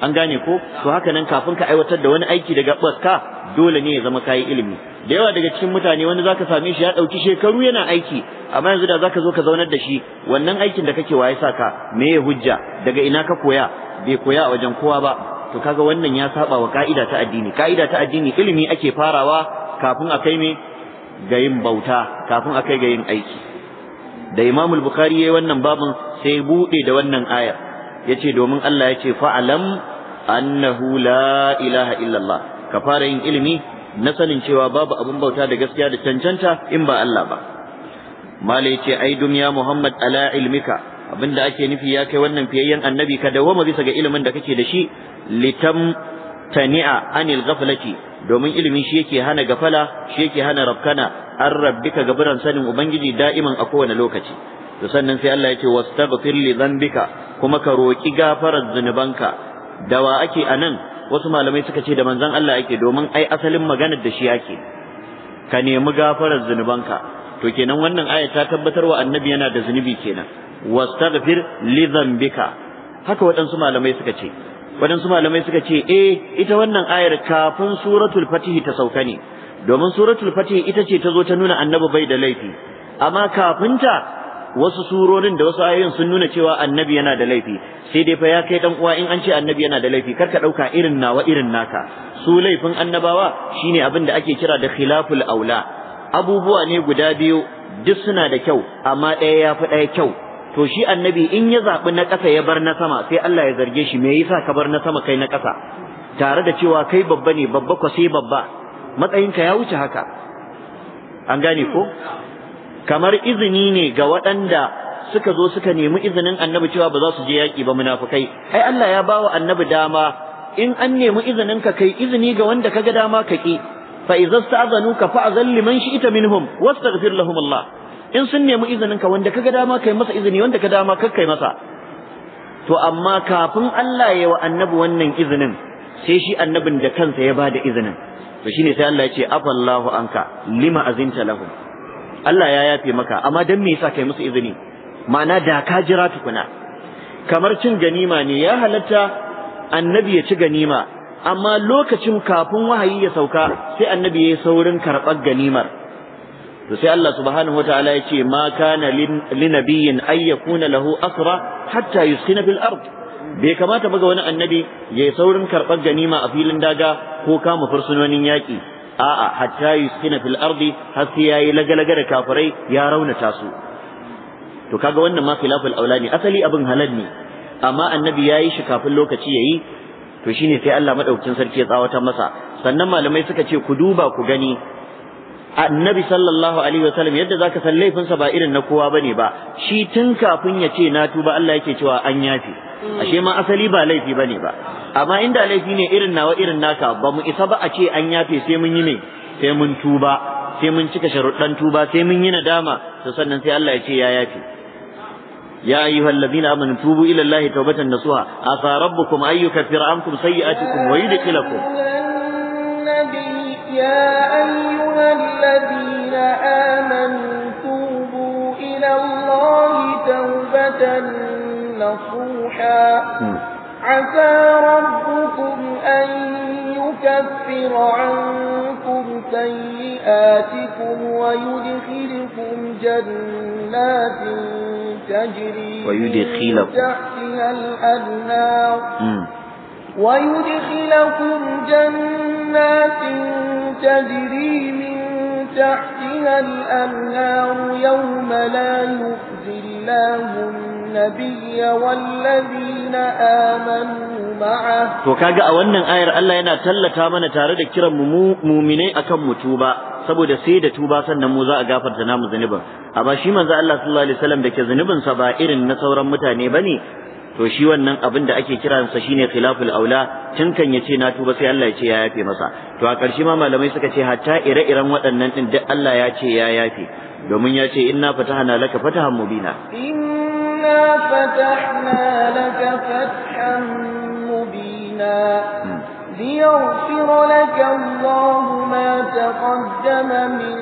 an gane ko to haka nan kafin ka aiwatar da wani aiki daga baska dole ne ya zama kayi ilimi da yawa daga cikin mutane wani zaka same shi ya dauki shekaru yana aiki amma yanzu da zaka zo ka zaunar da shi wannan aikin da kake ya saka me ya hujja daga ina ka koya bai koya a wajen kowa ba to kaga wannan ya saba wa ka'ida ta addini ka'ida ta addini ilimi ake farawa kafin a kai me ga yin bauta kafin a kai ga yin aiki da Imam al-Bukhari yayi wannan babin sai bude da wannan aya yace domin Allah yace fa'alam annahu la ilaha illallah ka fara yin ilimi na sanin cewa babu abin bauta da gaskiya da cancanta in ba Allah ba mala yace ai dunya Muhammad ala ilmika abinda ake nufi ya kai wannan fiyayyen annabi ka mu bisa ga ilimin da kake da shi litam tani'a anil ghaflati domin ilimin shi yake hana gafala shi yake hana rabkana an rabbika gaburan sanin ubangiji da'iman a kowane lokaci to sannan sai Allah ya wastaghfir li dhanbika kuma ka roki gafarar zunubanka dawa ake anan wasu malamai suka ce da manzon Allah yake domin ai asalin maganar da shi ake ka nemi gafarar zunubanka to kenan wannan aya ta tabbatar annabi yana da zunubi kenan wastaghfir li dhanbika haka waɗansu malamai suka ce waɗansu malamai suka ce eh ita wannan ayar kafin suratul fatihi ta sauka ne domin suratul fatihi ita ce ta zo ta nuna annabi bai da laifi amma kafinta wasu surorin da wasu ayoyin sun nuna cewa annabi yana da laifi sai dai fa ya kai dan uwa in an ce annabi yana da laifi karka dauka irin nawa irin naka su laifin annabawa shine abin da ake kira da khilaful aula abubuwa ne guda biyu duk suna da kyau amma ɗaya ya fi ɗaya kyau to shi annabi in ya zaɓi na ƙasa ya bar na sama sai Allah ya zarge shi me yasa ka bar na sama kai na ƙasa tare da cewa kai babba ne babba ko sai babba matsayinka ya wuce haka an gane ko kamar izini ne ga waɗanda suka zo suka nemi izinin annabi cewa ba za su je yaƙi ba munafukai ai Allah ya bawa annabi dama in an nemi izinin ka kai izini ga wanda kaga dama ka ki fa idza sta'zanuka fa'zan liman shi'ta minhum wastaghfir lahum Allah in sun nemi izinin ka wanda kaga dama kai masa izini wanda ka dama kar kai masa to amma kafin Allah ya wa annabi wannan izinin sai shi annabin da kansa ya bada izinin to shine sai Allah ya ce afallahu anka lima azinta lahum Allah ya yafe maka amma dan me yasa kai musu izini ma'ana da ka jira tukuna kamar cin ganima ne ya halatta annabi ya ci ganima amma lokacin kafin wahayi ya sauka sai annabi ya yi saurin karɓar ganimar to sai Allah subhanahu wataala ya ce ma kana linabiyyin ay yakuna lahu asra hatta yuskina fil ard bai kamata ba ga wani annabi ya saurin karɓar ganima a filin daga ko kama fursunonin yaƙi a'a hatta yuskina fil ardi har sai yayi lagalaga da kafirai ya raunata su to kaga wannan ma khilaful aula ne asali abin halal ne amma annabi yayi shi kafin lokaci yayi to shine sai Allah madaukakin sarki ya tsawata masa sannan malamai suka ce ku duba ku gani annabi sallallahu alaihi wasallam yadda zaka san laifinsa ba irin na kowa bane ba shi tun kafin ya ce na tuba Allah yake cewa an yafi ashe ma asali ba laifi bane ba amma inda laifi ne irin nawa irin naka ba mu isa ba a ce an yafe sai mun yi me sai mun tuba sai mun cika sharuɗan tuba sai mun yi nadama to sannan sai Allah ya ce ya yafe يا أيها الذين آمنوا توبوا إلى الله توبة نصوحا عسى ربكم أن يكفر عنكم سيئاتكم ويدخلكم يا أيها عسى ربكم أن يكفر عنكم سيئاتكم ويدخلكم جنات تجري ويدخلكم تحتها الأنهار ويدخلكم جنات تجري من تحتها الأنهار يوم لا يخزي الله النبي والذين آمنوا معه to kaga a wannan ayar Allah yana tallata mana tare da kiran mu mu'minai akan mu tuba saboda sai da tuba sannan mu za a gafarta namu zunubin amma shi manzo Allah sallallahu alaihi wasallam dake zunubin sa ba irin na sauran mutane bane to shi wannan abin da ake kiransa shine khilaful aula tun kan yace na tuba sai Allah ya ce ya yafe masa to a ƙarshe ma malamai suka ce hatta ire-iren waɗannan din duk Allah ya ce ya yafe domin ya ce inna fatahana laka fatahan mubina إنا فتحنا لك فتحا مبينا ليغفر لك الله ما تقدم من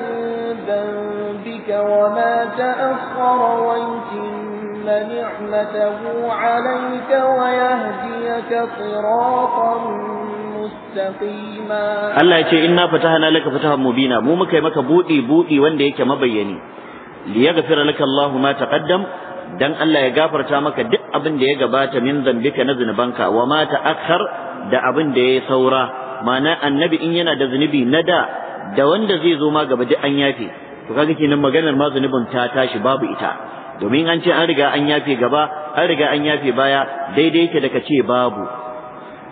ذنبك وما تأخر ويتم نعمته عليك ويهديك طراطا مستقيما إنا فتحنا لك فتحا مبينا مو مكا يمكا بوئي بوئي وان ليك مبيني ليغفر لك الله ما تقدم dan Allah ya gafarta maka duk abin da ya gabata min zambika na zunubanka wa ma ta'akhkhar da abin da yayi saura mana annabi in yana da zunubi na da da wanda zai zo ma gaba duk an yafe to kaga kenan maganar ma zunubin ta tashi babu ita domin an ce an riga an yafe gaba an riga an yafe baya daidai yake da ce babu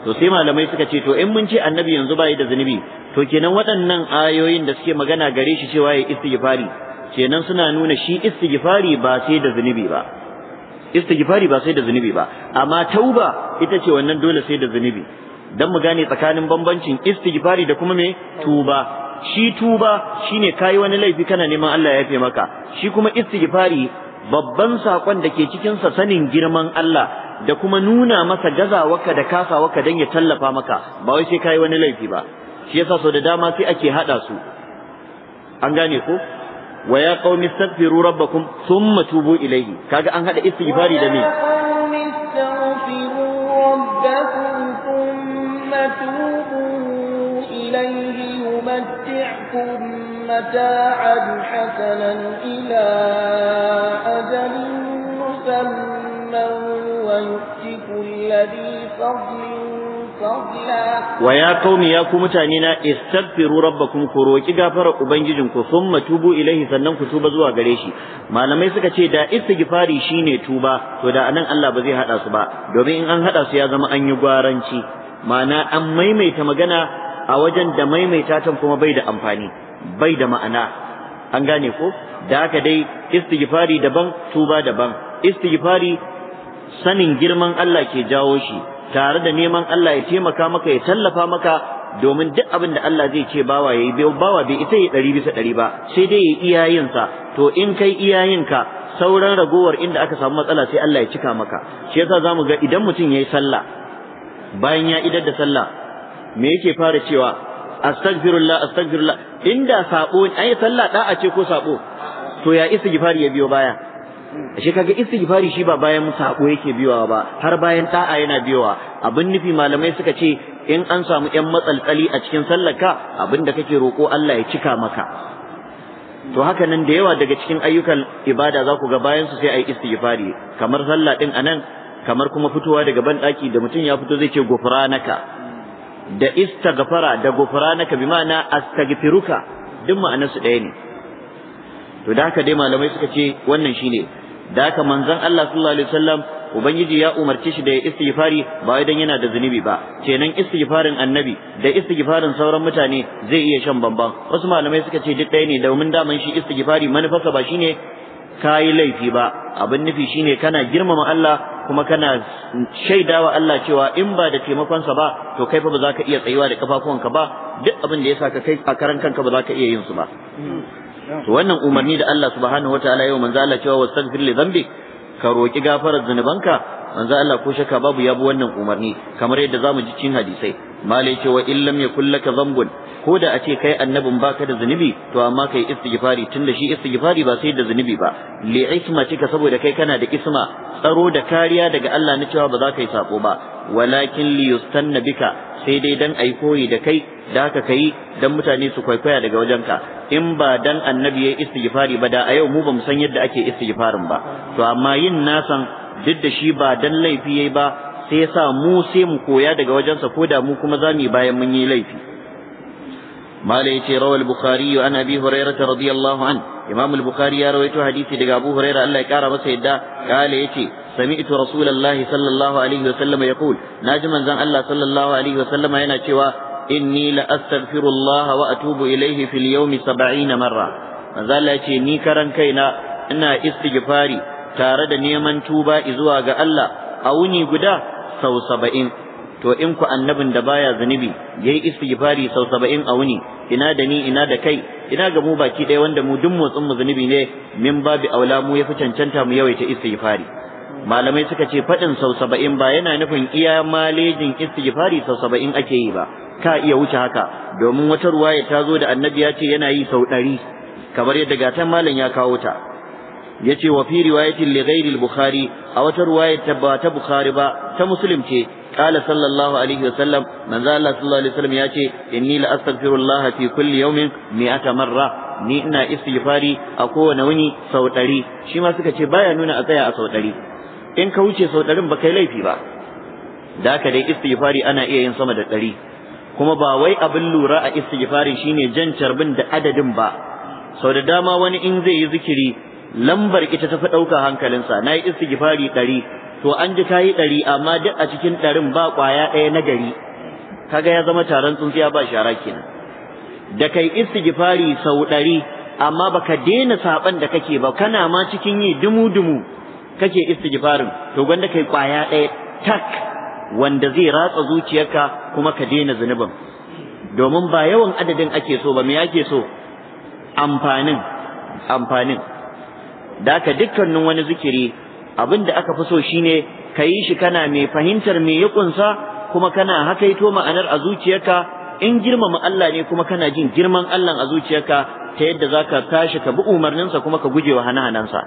to sai malamai suka ce to in mun ce annabi yanzu bai da zunubi to kenan waɗannan ayoyin da suke magana gare shi cewa ya istighfari kenan suna nuna shi istighfari ba sai da zunubi ba istighfari ba sai da zunubi ba amma tauba ita ce wannan dole sai da zunubi dan mu gane tsakanin bambancin istighfari da kuma me tuba shi tuba shine kai wani laifi kana neman Allah ya yafe maka shi kuma istighfari babban sakon da ke cikin sa sanin girman Allah da kuma nuna masa gazawarka da kasawarka dan ya tallafa maka ba wai sai kai wani laifi ba shi yasa so da dama sai ake hada su an gane ko ويا قوم استغفروا ربكم ثم توبوا إليه كاجا أن هذا استغفار دمي ويا قوم استغفروا ربكم ثم توبوا إليه يمتعكم متاعا حسنا إلى أجل مسمى ويؤتك الذي فضل wa ya qaumi ya ku mutane na istaghfiru rabbakum ku roki gafara ubangijin ku summa tubu ilaihi sannan ku tuba zuwa gare shi malamai suka ce da istighfari shine tuba to da anan Allah ba zai hada su ba domin in an hada su ya zama an yi gwaranci ma'ana an maimaita magana a wajen da maimaita tan kuma bai da amfani bai da ma'ana an gane ko da haka dai istighfari daban tuba daban istighfari sanin girman Allah ke jawo shi tare da neman Allah ya taimaka maka ya tallafa maka domin duk abin da Allah zai ce bawa yayi bai bawa bai ita yi ɗari bisa ɗari ba sai dai yayi iyayensa to in kai iyayenka sauran ragowar inda aka samu matsala sai Allah ya cika maka shi yasa zamu ga idan mutum yayi sallah bayan ya idar da sallah me yake fara cewa astaghfirullah astaghfirullah inda sabo ai sallah a ce ko sabo to ya isa gifari ya biyo baya ashe kaga istighfari shi ba bayan sako yake biyowa ba har bayan da'a yana biyowa abin nufi malamai suka ce in an samu yan matsaltsali a cikin sallarka abin da kake roko Allah ya cika maka to haka nan da yawa daga cikin ayyukan ibada za ku ga bayan su sai ayi istighfari kamar sallah din anan kamar kuma fitowa daga ban daki da mutum ya fito zai ce gufranaka da istaghfara da gufranaka bi ma'ana astaghfiruka duk ma'anarsu ɗaya ne to da haka dai malamai suka ce wannan shine da haka manzon Allah sallallahu alaihi wasallam ubangiji ya umarci shi da ya istighfari ba idan yana da zunubi ba kenan istighfarin annabi da istighfarin sauran mutane zai iya shan bamban wasu malamai suka ce duk ɗaya ne domin daman shi istighfari manufarsa ba shine kayi laifi ba abin nufi shine kana girmama Allah kuma kana shaidawa Allah cewa in ba da taimakonsa ba to kai fa ba za ka iya tsayuwa da kafafuwanka ba duk abin da ya sa ka kai a karan kanka ba za ka iya yin su ba to wannan umarni da Allah subhanahu wataala yau manzo Allah cewa wastaghfir li dhanbik ka roki gafarar zunubanka manzo Allah ko shaka babu ya bi wannan umarni kamar yadda zamu ji cikin hadisai malai wa in yakul laka dhanbun ko da a ce kai annabin baka da zunubi to amma kai istighfari tunda shi istighfari ba sai da zunubi ba li ismatika saboda kai kana da isma tsaro da kariya daga Allah na cewa ba za ka yi sako ba walakin li yustanna bika sai dai dan ai koyi da kai da ka kai dan mutane su kwaikwaya daga wajenka in ba dan annabi yayi istighfari ba da a yau mu ba mu san yadda ake istighfarin ba to amma yin nasan duk da shi ba dan laifi yayi ba sai yasa mu sai mu koya daga wajensa ko da mu kuma zamu bayan mun yi laifi mala yace rawal bukhari an abi hurairah radiyallahu an imam bukhari ya rawaito hadisi daga abu hurairah Allah ya kara masa yadda kale yace sami'tu rasulullahi sallallahu alaihi wasallam yaqul naji manzon Allah sallallahu alaihi yana cewa inni la astaghfirullah wa atubu ilayhi fil yawmi 70 marra manzo ni karan kaina ina istighfari tare da neman tuba zuwa ga Allah a wuni guda sau saba'in to in ku annabin da baya zunubi yayi istighfari sau saba'in a wuni ina da ni ina da kai ina ga mu baki ɗaya wanda mu duk motsin mu zunubi ne min babi aula mu yafi cancanta mu yawaita istighfari malamai suka ce faɗin sau saba'in ba yana nufin iya malejin istighfari sau saba'in ake yi ba ka iya wuce haka domin wata ruwaya ta zo da annabi ya ce yana yi sau ɗari kamar yadda gatan malam ya kawo ta yace wa fi riwayatin li ghairi al-bukhari a wata riwayar ta ba ta bukhari ba ta muslim ce qala sallallahu alaihi wasallam manzo Allah sallallahu alaihi wasallam yace inni la astaghfirullaha fi kulli yawmin mi'ata marra ni ina istighfari a kowane wuni sau ɗari shi ma suka ce baya nuna a tsaya a sau ɗari in ka wuce sau ɗarin ba kai laifi ba da haka dai istighfari ana iya yin sama da ɗari kuma ba wai abin lura a istighfari shine jan carbin da adadin ba sau da dama wani in zai yi zikiri lambar ita ta fi ɗauka hankalinsa na yi istighfari ɗari to an ji kayi ɗari amma duk a cikin ɗarin ba ƙwaya ɗaya na gari kaga ya zama taron tsuntsiya ba shara kenan da kai istighfari sau ɗari amma baka daina saban da kake ba kana ma cikin yi dumu-dumu kake istighfarin to gwanda kai ƙwaya ɗaya tak wanda zai ratsa zuciyarka kuma ka daina zunubin domin ba yawan adadin ake so ba me ake so amfanin amfanin da haka dukkanin wani zikiri abin da aka fi so shine ka yi shi kana mai fahimtar mai ya kuma kana hakaito ma'anar a zuciyarka in girmama Allah ne kuma kana jin girman Allah a zuciyarka ta yadda zaka tashi ka bi umarninsa kuma ka guje wa hana-hanansa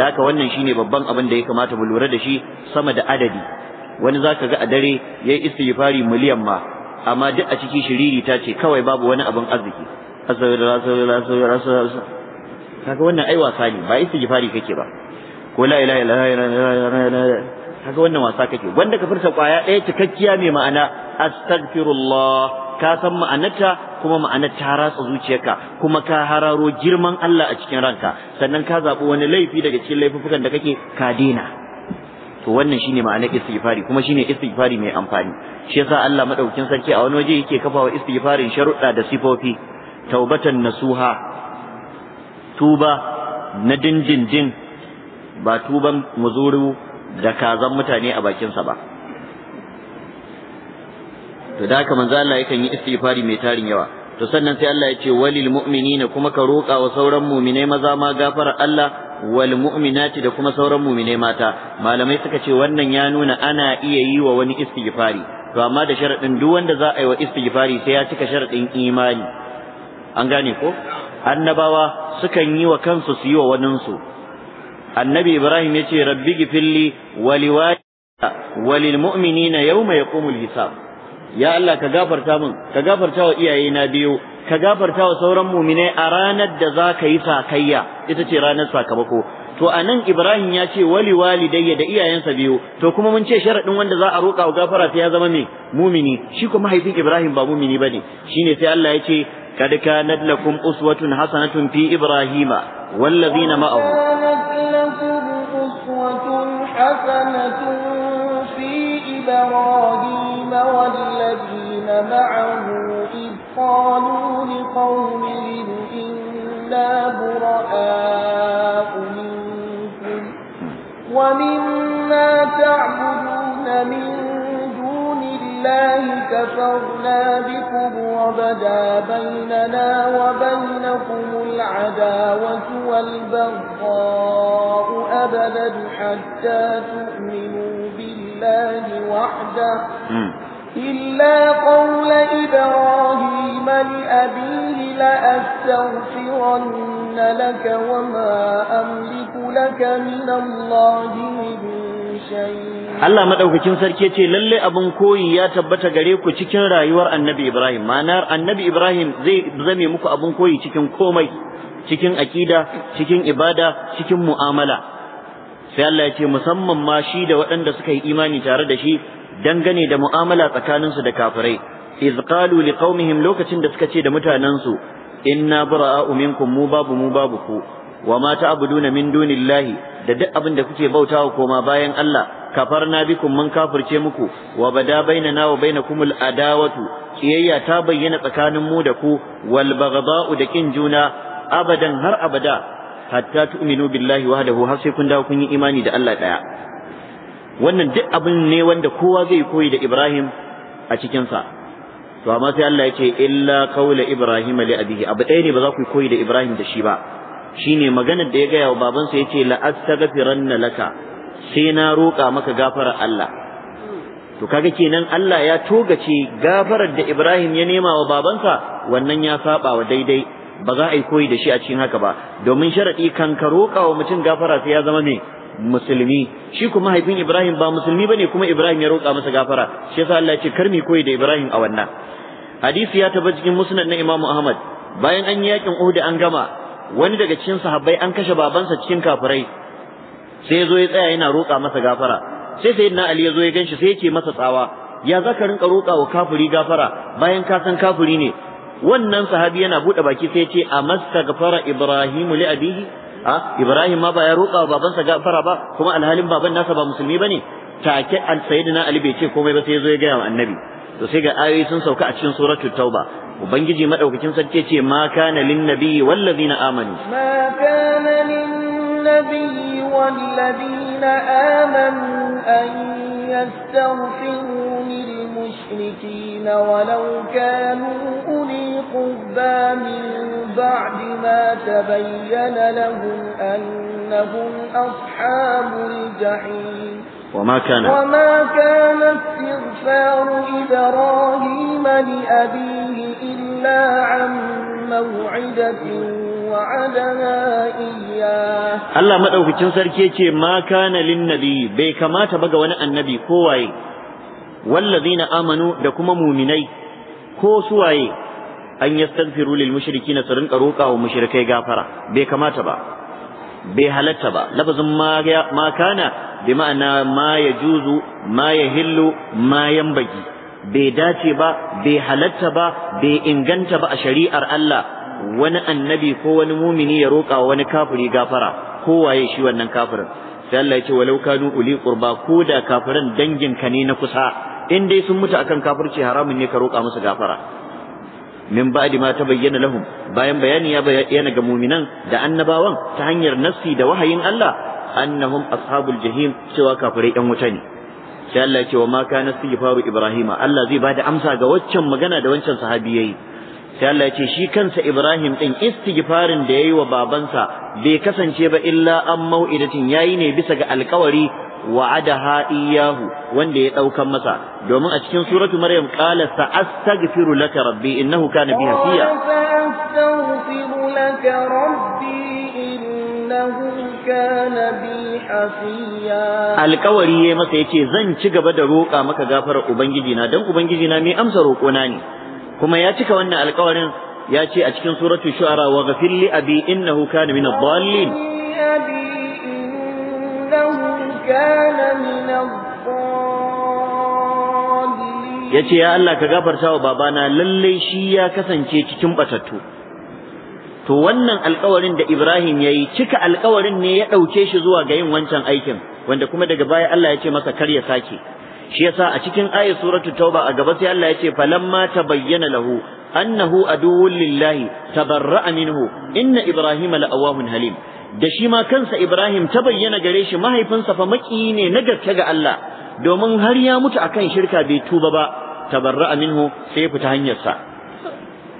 da haka wannan shine babban abin da ya kamata mu lura da shi sama da adadi wani zaka ga a dare yayi istighfari miliyan ma amma duk a ciki shiriri ta ce kawai babu wani abin arziki kaga wannan ai wasa ne ba istighfari kake ba ko la ilaha Allah kaga wannan wasa kake wanda ka furta kwaya ɗaya cikakkiya mai ma'ana astaghfirullah ka san ma'anarta kuma ma'anar ta ratsa zuciyarka kuma ka hararo girman Allah a cikin ranka sannan ka zaɓi wani laifi daga cikin laifukan da kake ka daina to wannan shine ma'anar istighfari kuma shine istighfari mai amfani shi yasa Allah madaukin sarki a wani waje yake kafa wa istighfarin sharuɗa da sifofi taubatan nasuha tuba na dindindin ba tuban muzuru da kazan mutane a bakinsa ba to da haka manzo Allah yakan yi istighfari mai tarin yawa to sannan sai Allah ya ce walil mu'minina kuma ka roƙa wa sauran mu'minai maza ma gafara Allah wal mu'minati da kuma sauran mu'minai mata malamai suka ce wannan ya nuna ana iya yi wa wani istighfari to amma da sharadin duk wanda za a yi wa istighfari sai ya cika sharadin imani an gane ko annabawa sukan yi wa kansu su yi wa waninsu annabi ibrahim ya ce rabbi gifilli waliwali walil mu'minina yawma yaqumul hisab ya Allah ka gafarta min ka gafarta wa iyayena biyu ka gafarta wa sauran mu'minai a ranar da za ka yi sakayya ita ce ranar sakamako to anan ibrahim ya ce wali walidayya da iyayensa biyu to kuma mun ce sharadin wanda za a roƙa wa gafara sai ya zama me mumini shi kuma mahaifin ibrahim ba mumini bane shine sai Allah ya ce قد كانت لكم أسوة حسنة في إبراهيم والذين معه كانت لكم أسوة حسنة في إبراهيم والذين معه إذ قالوا لقومهم إنا براء منكم ومما تعبدون من دون الله بالله كفرنا بكم وبدا بيننا وبينكم العداوة والبغضاء أبدا حتى تؤمنوا بالله وحده إلا قول إبراهيم لأبيه لأستغفرن لك وما أملك لك من الله من Allah madaukakin sarki ce lalle abun koyi ya tabbata gare ku cikin rayuwar Annabi Ibrahim ma'anar Annabi Ibrahim zai zame muku abun koyi cikin komai cikin akida cikin ibada cikin mu'amala sai Allah ya musamman ma shi da waɗanda suka yi imani tare da shi dangane da mu'amala tsakaninsu da kafirai iz qalu liqaumihim lokacin da suka ce da mutanensu inna bara'a minkum mu babu mu babu ku wa ma ta'buduna min dunillahi da duk abin da kuke bautawa koma bayan Allah kafarna bikum mun kafirce muku wa bada bainana wa bainakumul adawatu kiyayya ta bayyana tsakanin mu da ku wal baghda'u da kin juna abadan har abada hatta tu'minu billahi wahdahu har sai kun dawo kun yi imani da Allah daya wannan duk abin ne wanda kowa zai koyi da Ibrahim a cikin sa to amma sai Allah ya ce illa qaula ibrahima li abihi abu ɗaya ne ba za ku koyi da Ibrahim da shi ba Shi ne maganar da ya gaya wa babansa ya ce la'astaghfiranna laka sai na roƙa maka gafarar Allah to kaga kenan Allah ya togace gafarar da Ibrahim ya nema wa babansa wannan ya saba wa daidai ba za a yi koyi da shi a cikin haka ba domin sharadi kan ka roƙa wa mutum gafara sai ya zama me musulmi shi kuma haifin Ibrahim ba musulmi bane kuma Ibrahim ya roƙa masa gafara shi yasa Allah ya ce kar mi koyi da Ibrahim a wannan hadisi ya taba cikin musnad na Imam Ahmad bayan an yi yakin Uhud an gama wani daga cikin sahabbai an kashe babansa cikin kafirai sai ya zo ya tsaya yana roƙa masa gafara sai sayyidina ali ya zo ya ganshi sai yake masa tsawa ya zaka rinka roƙa wa kafiri gafara bayan ka san kafiri ne wannan sahabi yana buɗe baki sai ya ce gafara ibrahimu li abihi a ibrahim ma ba ya roƙa wa babansa gafara ba kuma alhalin baban nasa ba musulmi bane take al sayyidina ali bai ce komai ba sai ya zo ya ga annabi to sai ga ayoyi sun sauka a cikin suratul tauba ubangiji madaukakin sarki ce ma kana lin nabiyyi wal ladina amanu ma kana lin nabiyyi wal ladina amanu an yastaghfiru lil mushrikin walau kanu uli qurba min ba'd ma tabayyana lahum annahum ashabul jahim وما كان وما كان استغفار إبراهيم لأبيه إلا عن موعدة وعدنا إياه الله مدعو في تنسر كيتي ما كان للنبي بيكما تبقى وانا النبي كواي والذين آمنوا دكما مؤمني كو سواي أن يستغفروا للمشركين سرنك روكا ومشركي غافرة بيكما تبقى bai halatta ba lafazin ma kana bi ma'ana ma ya juzu ma ya hillu ma yambagi bai dace ba bai halatta ba bai inganta ba a shari'ar Allah wani annabi ko wani mumini ya roƙa wani kafiri gafara waye shi wannan kafirin sai Allah ya ce walau kanu uli qurba ko da kafirin dangin ka ne na kusa in dai sun mutu akan kafirci haramun ne ka roƙa musu gafara min ba'di ma tabayyana lahum bayan bayani ya bayyana ga mu'minan da annabawan ta hanyar nafsi da wahayin Allah annahum ashabul jahim cewa kafirai yan wuta ne sai Allah ya ce wa ma kana istighfaru ibrahima Allah zai bada amsa ga waccan magana da wancan sahabi yayi sai Allah ya ce shi kansa Ibrahim din istighfarin da yayi wa babansa bai kasance ba illa an mau'idatin yayi ne bisa ga alkawari wa'adaha iyyahu wanda ya daukan masa domin a cikin suratu maryam qala sa'astaghfiru laka rabbi innahu kana bi hasiya sa'astaghfiru laka rabbi alkawari yayi masa yace zan ci gaba da roƙa maka gafarar ubangiji na dan ubangiji na mai amsa na ne kuma ya cika wannan alqawarin ya ce a cikin suratu shu'ara wa ghafir li abi innahu kana min ad-dallin كان من الضالين Allah ka gafarta wa babana'! للي shi ya kasance cikin batattu to wannan alƙawarin da Ibrahim yayi cika alƙawarin ne ya dauke shi zuwa ga yin wancan aikin wanda kuma daga baya Allah ya ce masa kar ya sake shi yasa a cikin ayat suratul tauba a gaba sai Allah ya ce falamma tabayyana lahu annahu aduwwul lillahi tabarra'a minhu inna ibrahima la'awahun halim da shi ma kansa Ibrahim ta bayyana gare shi mahaifinsa fa maki ne na gaske ga Allah domin har ya mutu akan shirka bai tuba ba tabarra'a minhu sai ya fita hanyarsa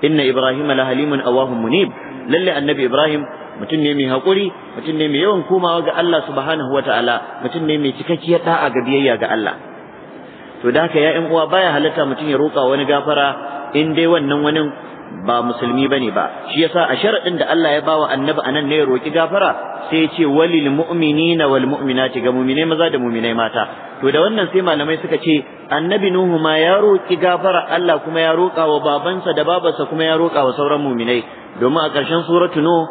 inna Ibrahim la halimun awahum munib lalle annabi Ibrahim mutum ne mai hakuri mutum ne mai yawan komawa ga Allah subhanahu wataala mutum ne mai cikakkiyar da'a ga biyayya ga Allah to da haka ya 'yan uwa baya halatta mutum ya roƙa wani gafara in dai wannan wani ba musulmi bane ba shi yasa a sharadin da Allah ya bawa annabi anan ne ya roki gafara sai ya ce walil mu'minina wal mu'minati ga mu'minai maza da mu'minai mata to da wannan sai malamai suka ce annabi nuhu ma ya roki gafara Allah kuma ya roka wa babansa da babarsa kuma ya roka wa sauran mu'minai domin a ƙarshen suratu nuh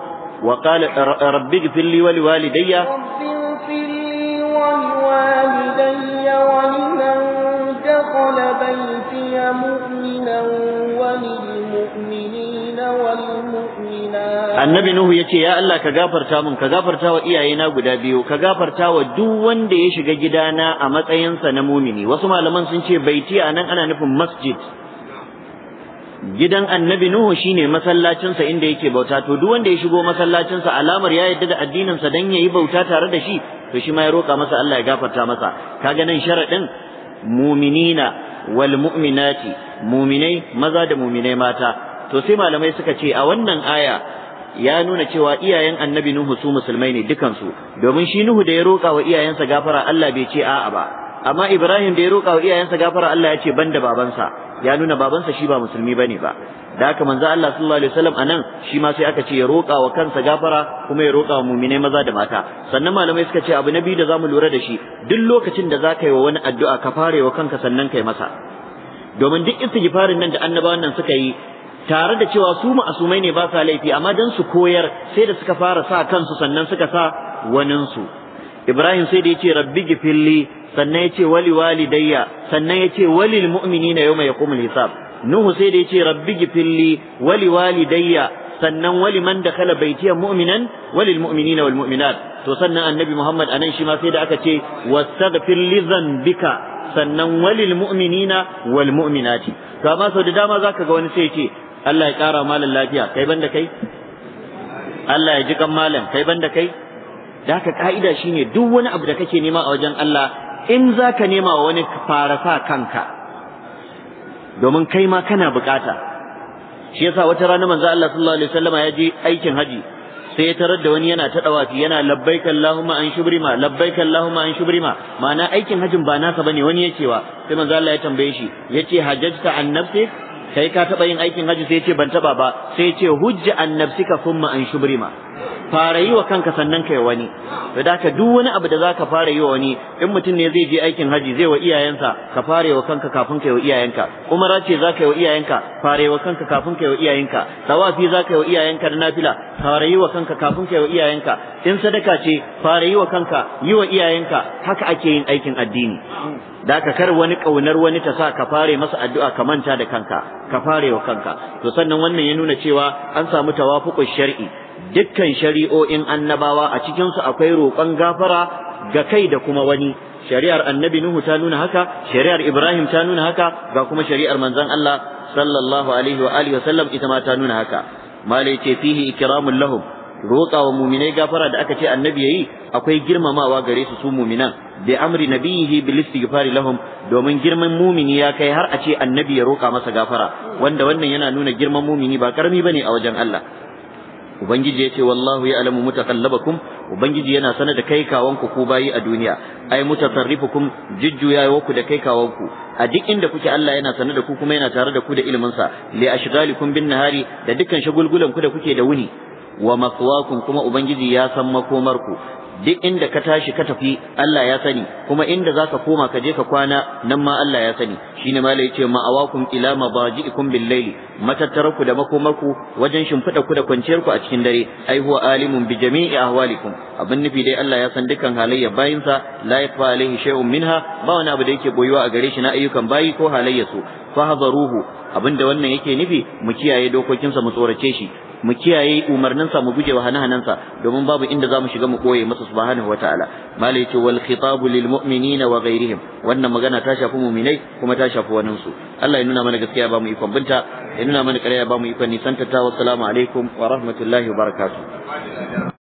wa qala rabbi wa liwalidayya wa liwalidayya دخل بيتي مؤمنا وللمؤمنين والمؤمنات النبي نوح يتي يا الله كغفرتا من كغفرتا وإياينا غدا بيو كغفرتا ودوان wanda ya shiga gidana a matsayinsa na mumini wasu malaman sun ce baiti anan ana nufin masjid gidan annabi Nuhu shine masallacinsa inda yake bauta to duk wanda ya shigo masallacinsa alamar ya yadda da addininsa dan yayi bauta tare da shi to shi ma ya roka masa Allah ya gafarta masa kaga nan sharadin muminina wal mu'minati muminai maza da muminai mata to sai malamai suka ce a wannan aya ya nuna cewa iyayen annabi Nuhu su musulmai ne dukansu domin shi Nuhu da ya roƙa wa iyayensa gafara Allah bai ce a'a ba amma Ibrahim da ya roƙa wa iyayensa gafara Allah ya ce banda babansa ya nuna babansa shi ba musulmi bane ba da haka manzo Allah sallallahu alaihi wasallam anan shi ma sai aka ce ya roƙa wa kansa gafara kuma ya roƙa wa mu'minai maza da mata sannan malamai suka ce abu na biyu da zamu lura da shi duk lokacin da za ka yi wa wani addu'a ka fare wa kanka sannan kai masa domin duk istighfarin nan da annabawan nan suka yi tare da cewa su asumai ne ba sa laifi amma dan su koyar sai da suka fara sa kansu sannan suka sa waninsu Ibrahim sai da yace rabbi gifilli sannan yace wali walidayya sannan yace walil mu'minina yawma yaqumul hisab nuhu sai da yace rabbi gifilli wali walidayya sannan wali man da dakhala baitiya mu'minan walil mu'minina wal mu'minat to sannan annabi muhammad anan shi ma sai da aka ce wastaghfir li bika sannan walil mu'minina wal mu'minati to amma sau da dama zaka ga wani sai ce. Allah ya kara malam lafiya kai banda kai Allah ya ji kan malam kai banda kai da haka ka'ida shine duk wani abu da kake nema a wajen Allah in zaka nema wa wani farasa kanka domin kai ma kana bukata shi yasa wata rana manzo Allah sallallahu alaihi wasallama ya je aikin haji sai ya tarar da wani yana ta dawafi yana labbaik Allahumma an shubrima an shubrima ma'ana aikin hajin ba nasa bane wani yake wa sai manzo Allah ya tambaye shi yace hajjata an nafsi kai ka taba yin aikin haji sai ya ce ban taba ba sai yace hujja an nafsika thumma an shubrima fara yi wa kanka sannan kai wani to da ka duk wani abu da zaka fara yi wa wani in mutum ne zai je aikin haji zai wa iyayensa ka fara yi wa kanka kafin kai wa iyayenka umara ce zaka yi wa iyayenka fara yi wa kanka kafin kai wa iyayenka tawafi zaka yi wa iyayenka da nafila fara yi wa kanka kafin kai wa iyayenka in sadaka ce fara yi wa kanka yi wa iyayenka haka ake yin aikin addini da ka kar wani kaunar wani ta sa ka fara masa addu'a ka manta da kanka ka yi wa kanka to sannan wannan ya nuna cewa an samu tawafuqu shar'i dukkan shari'o'in annabawa a cikinsu akwai roƙon gafara ga kai da kuma wani shari'ar annabi nuhu ta nuna haka shari'ar ibrahim ta nuna haka ga kuma shari'ar manzon Allah sallallahu alaihi wa alihi sallam ita ma ta nuna haka malai ce fihi ikramul lahum roƙa wa muminai gafara da aka ce annabi yayi akwai girmamawa gare su su muminan bi amri nabiyihi bil istighfari lahum domin girman mumini ya kai har a ce annabi ya roƙa masa gafara wanda wannan yana nuna girman mumini ba karami bane a wajen Allah ubangiji yace wallahu ya ya'lamu kum ubangiji yana sanar da kai kawanku ku bayi a duniya ai mutasarrifukum jujjuyawanku da kai kawanku a duk inda kuke Allah yana sanar da ku kuma yana tare da ku da ilimin sa li ashghalikum bin nahari da dukkan shagulgulan ku da kuke da wuni wa maswakum kuma ubangiji ya san makomarku duk inda ka tashi ka tafi Allah ya sani kuma inda za ka koma ka je ka kwana nan ma Allah ya sani shine mala yace ma'awakum ila ji bil layli matattarku da makomarku wajen shimfida ku da kwanciyar ku a cikin dare ai huwa alimun bi jami'i ahwalikum abin nufi dai Allah ya san dukkan halayya bayinsa la yakfa alaihi shay'un minha ba wani abu da yake boyewa a gare shi na ayyukan bayi ko halayya su fahzaruhu abinda wannan yake nufi mu kiyaye dokokinsa mu tsorace shi mu kiyaye umarninsa mu guje wa sa domin babu inda zamu shiga mu koye masa subhanahu wataala malai ce wal khitabu lil mu'minina wa ghairihim wannan magana ta shafi mu'minai kuma ta shafi wanin Allah ya nuna mana gaskiya ba mu ikon binta ya nuna mana ƙarya ba mu ikon nisanta ta wassalamu alaikum wa rahmatullahi wa barakatuh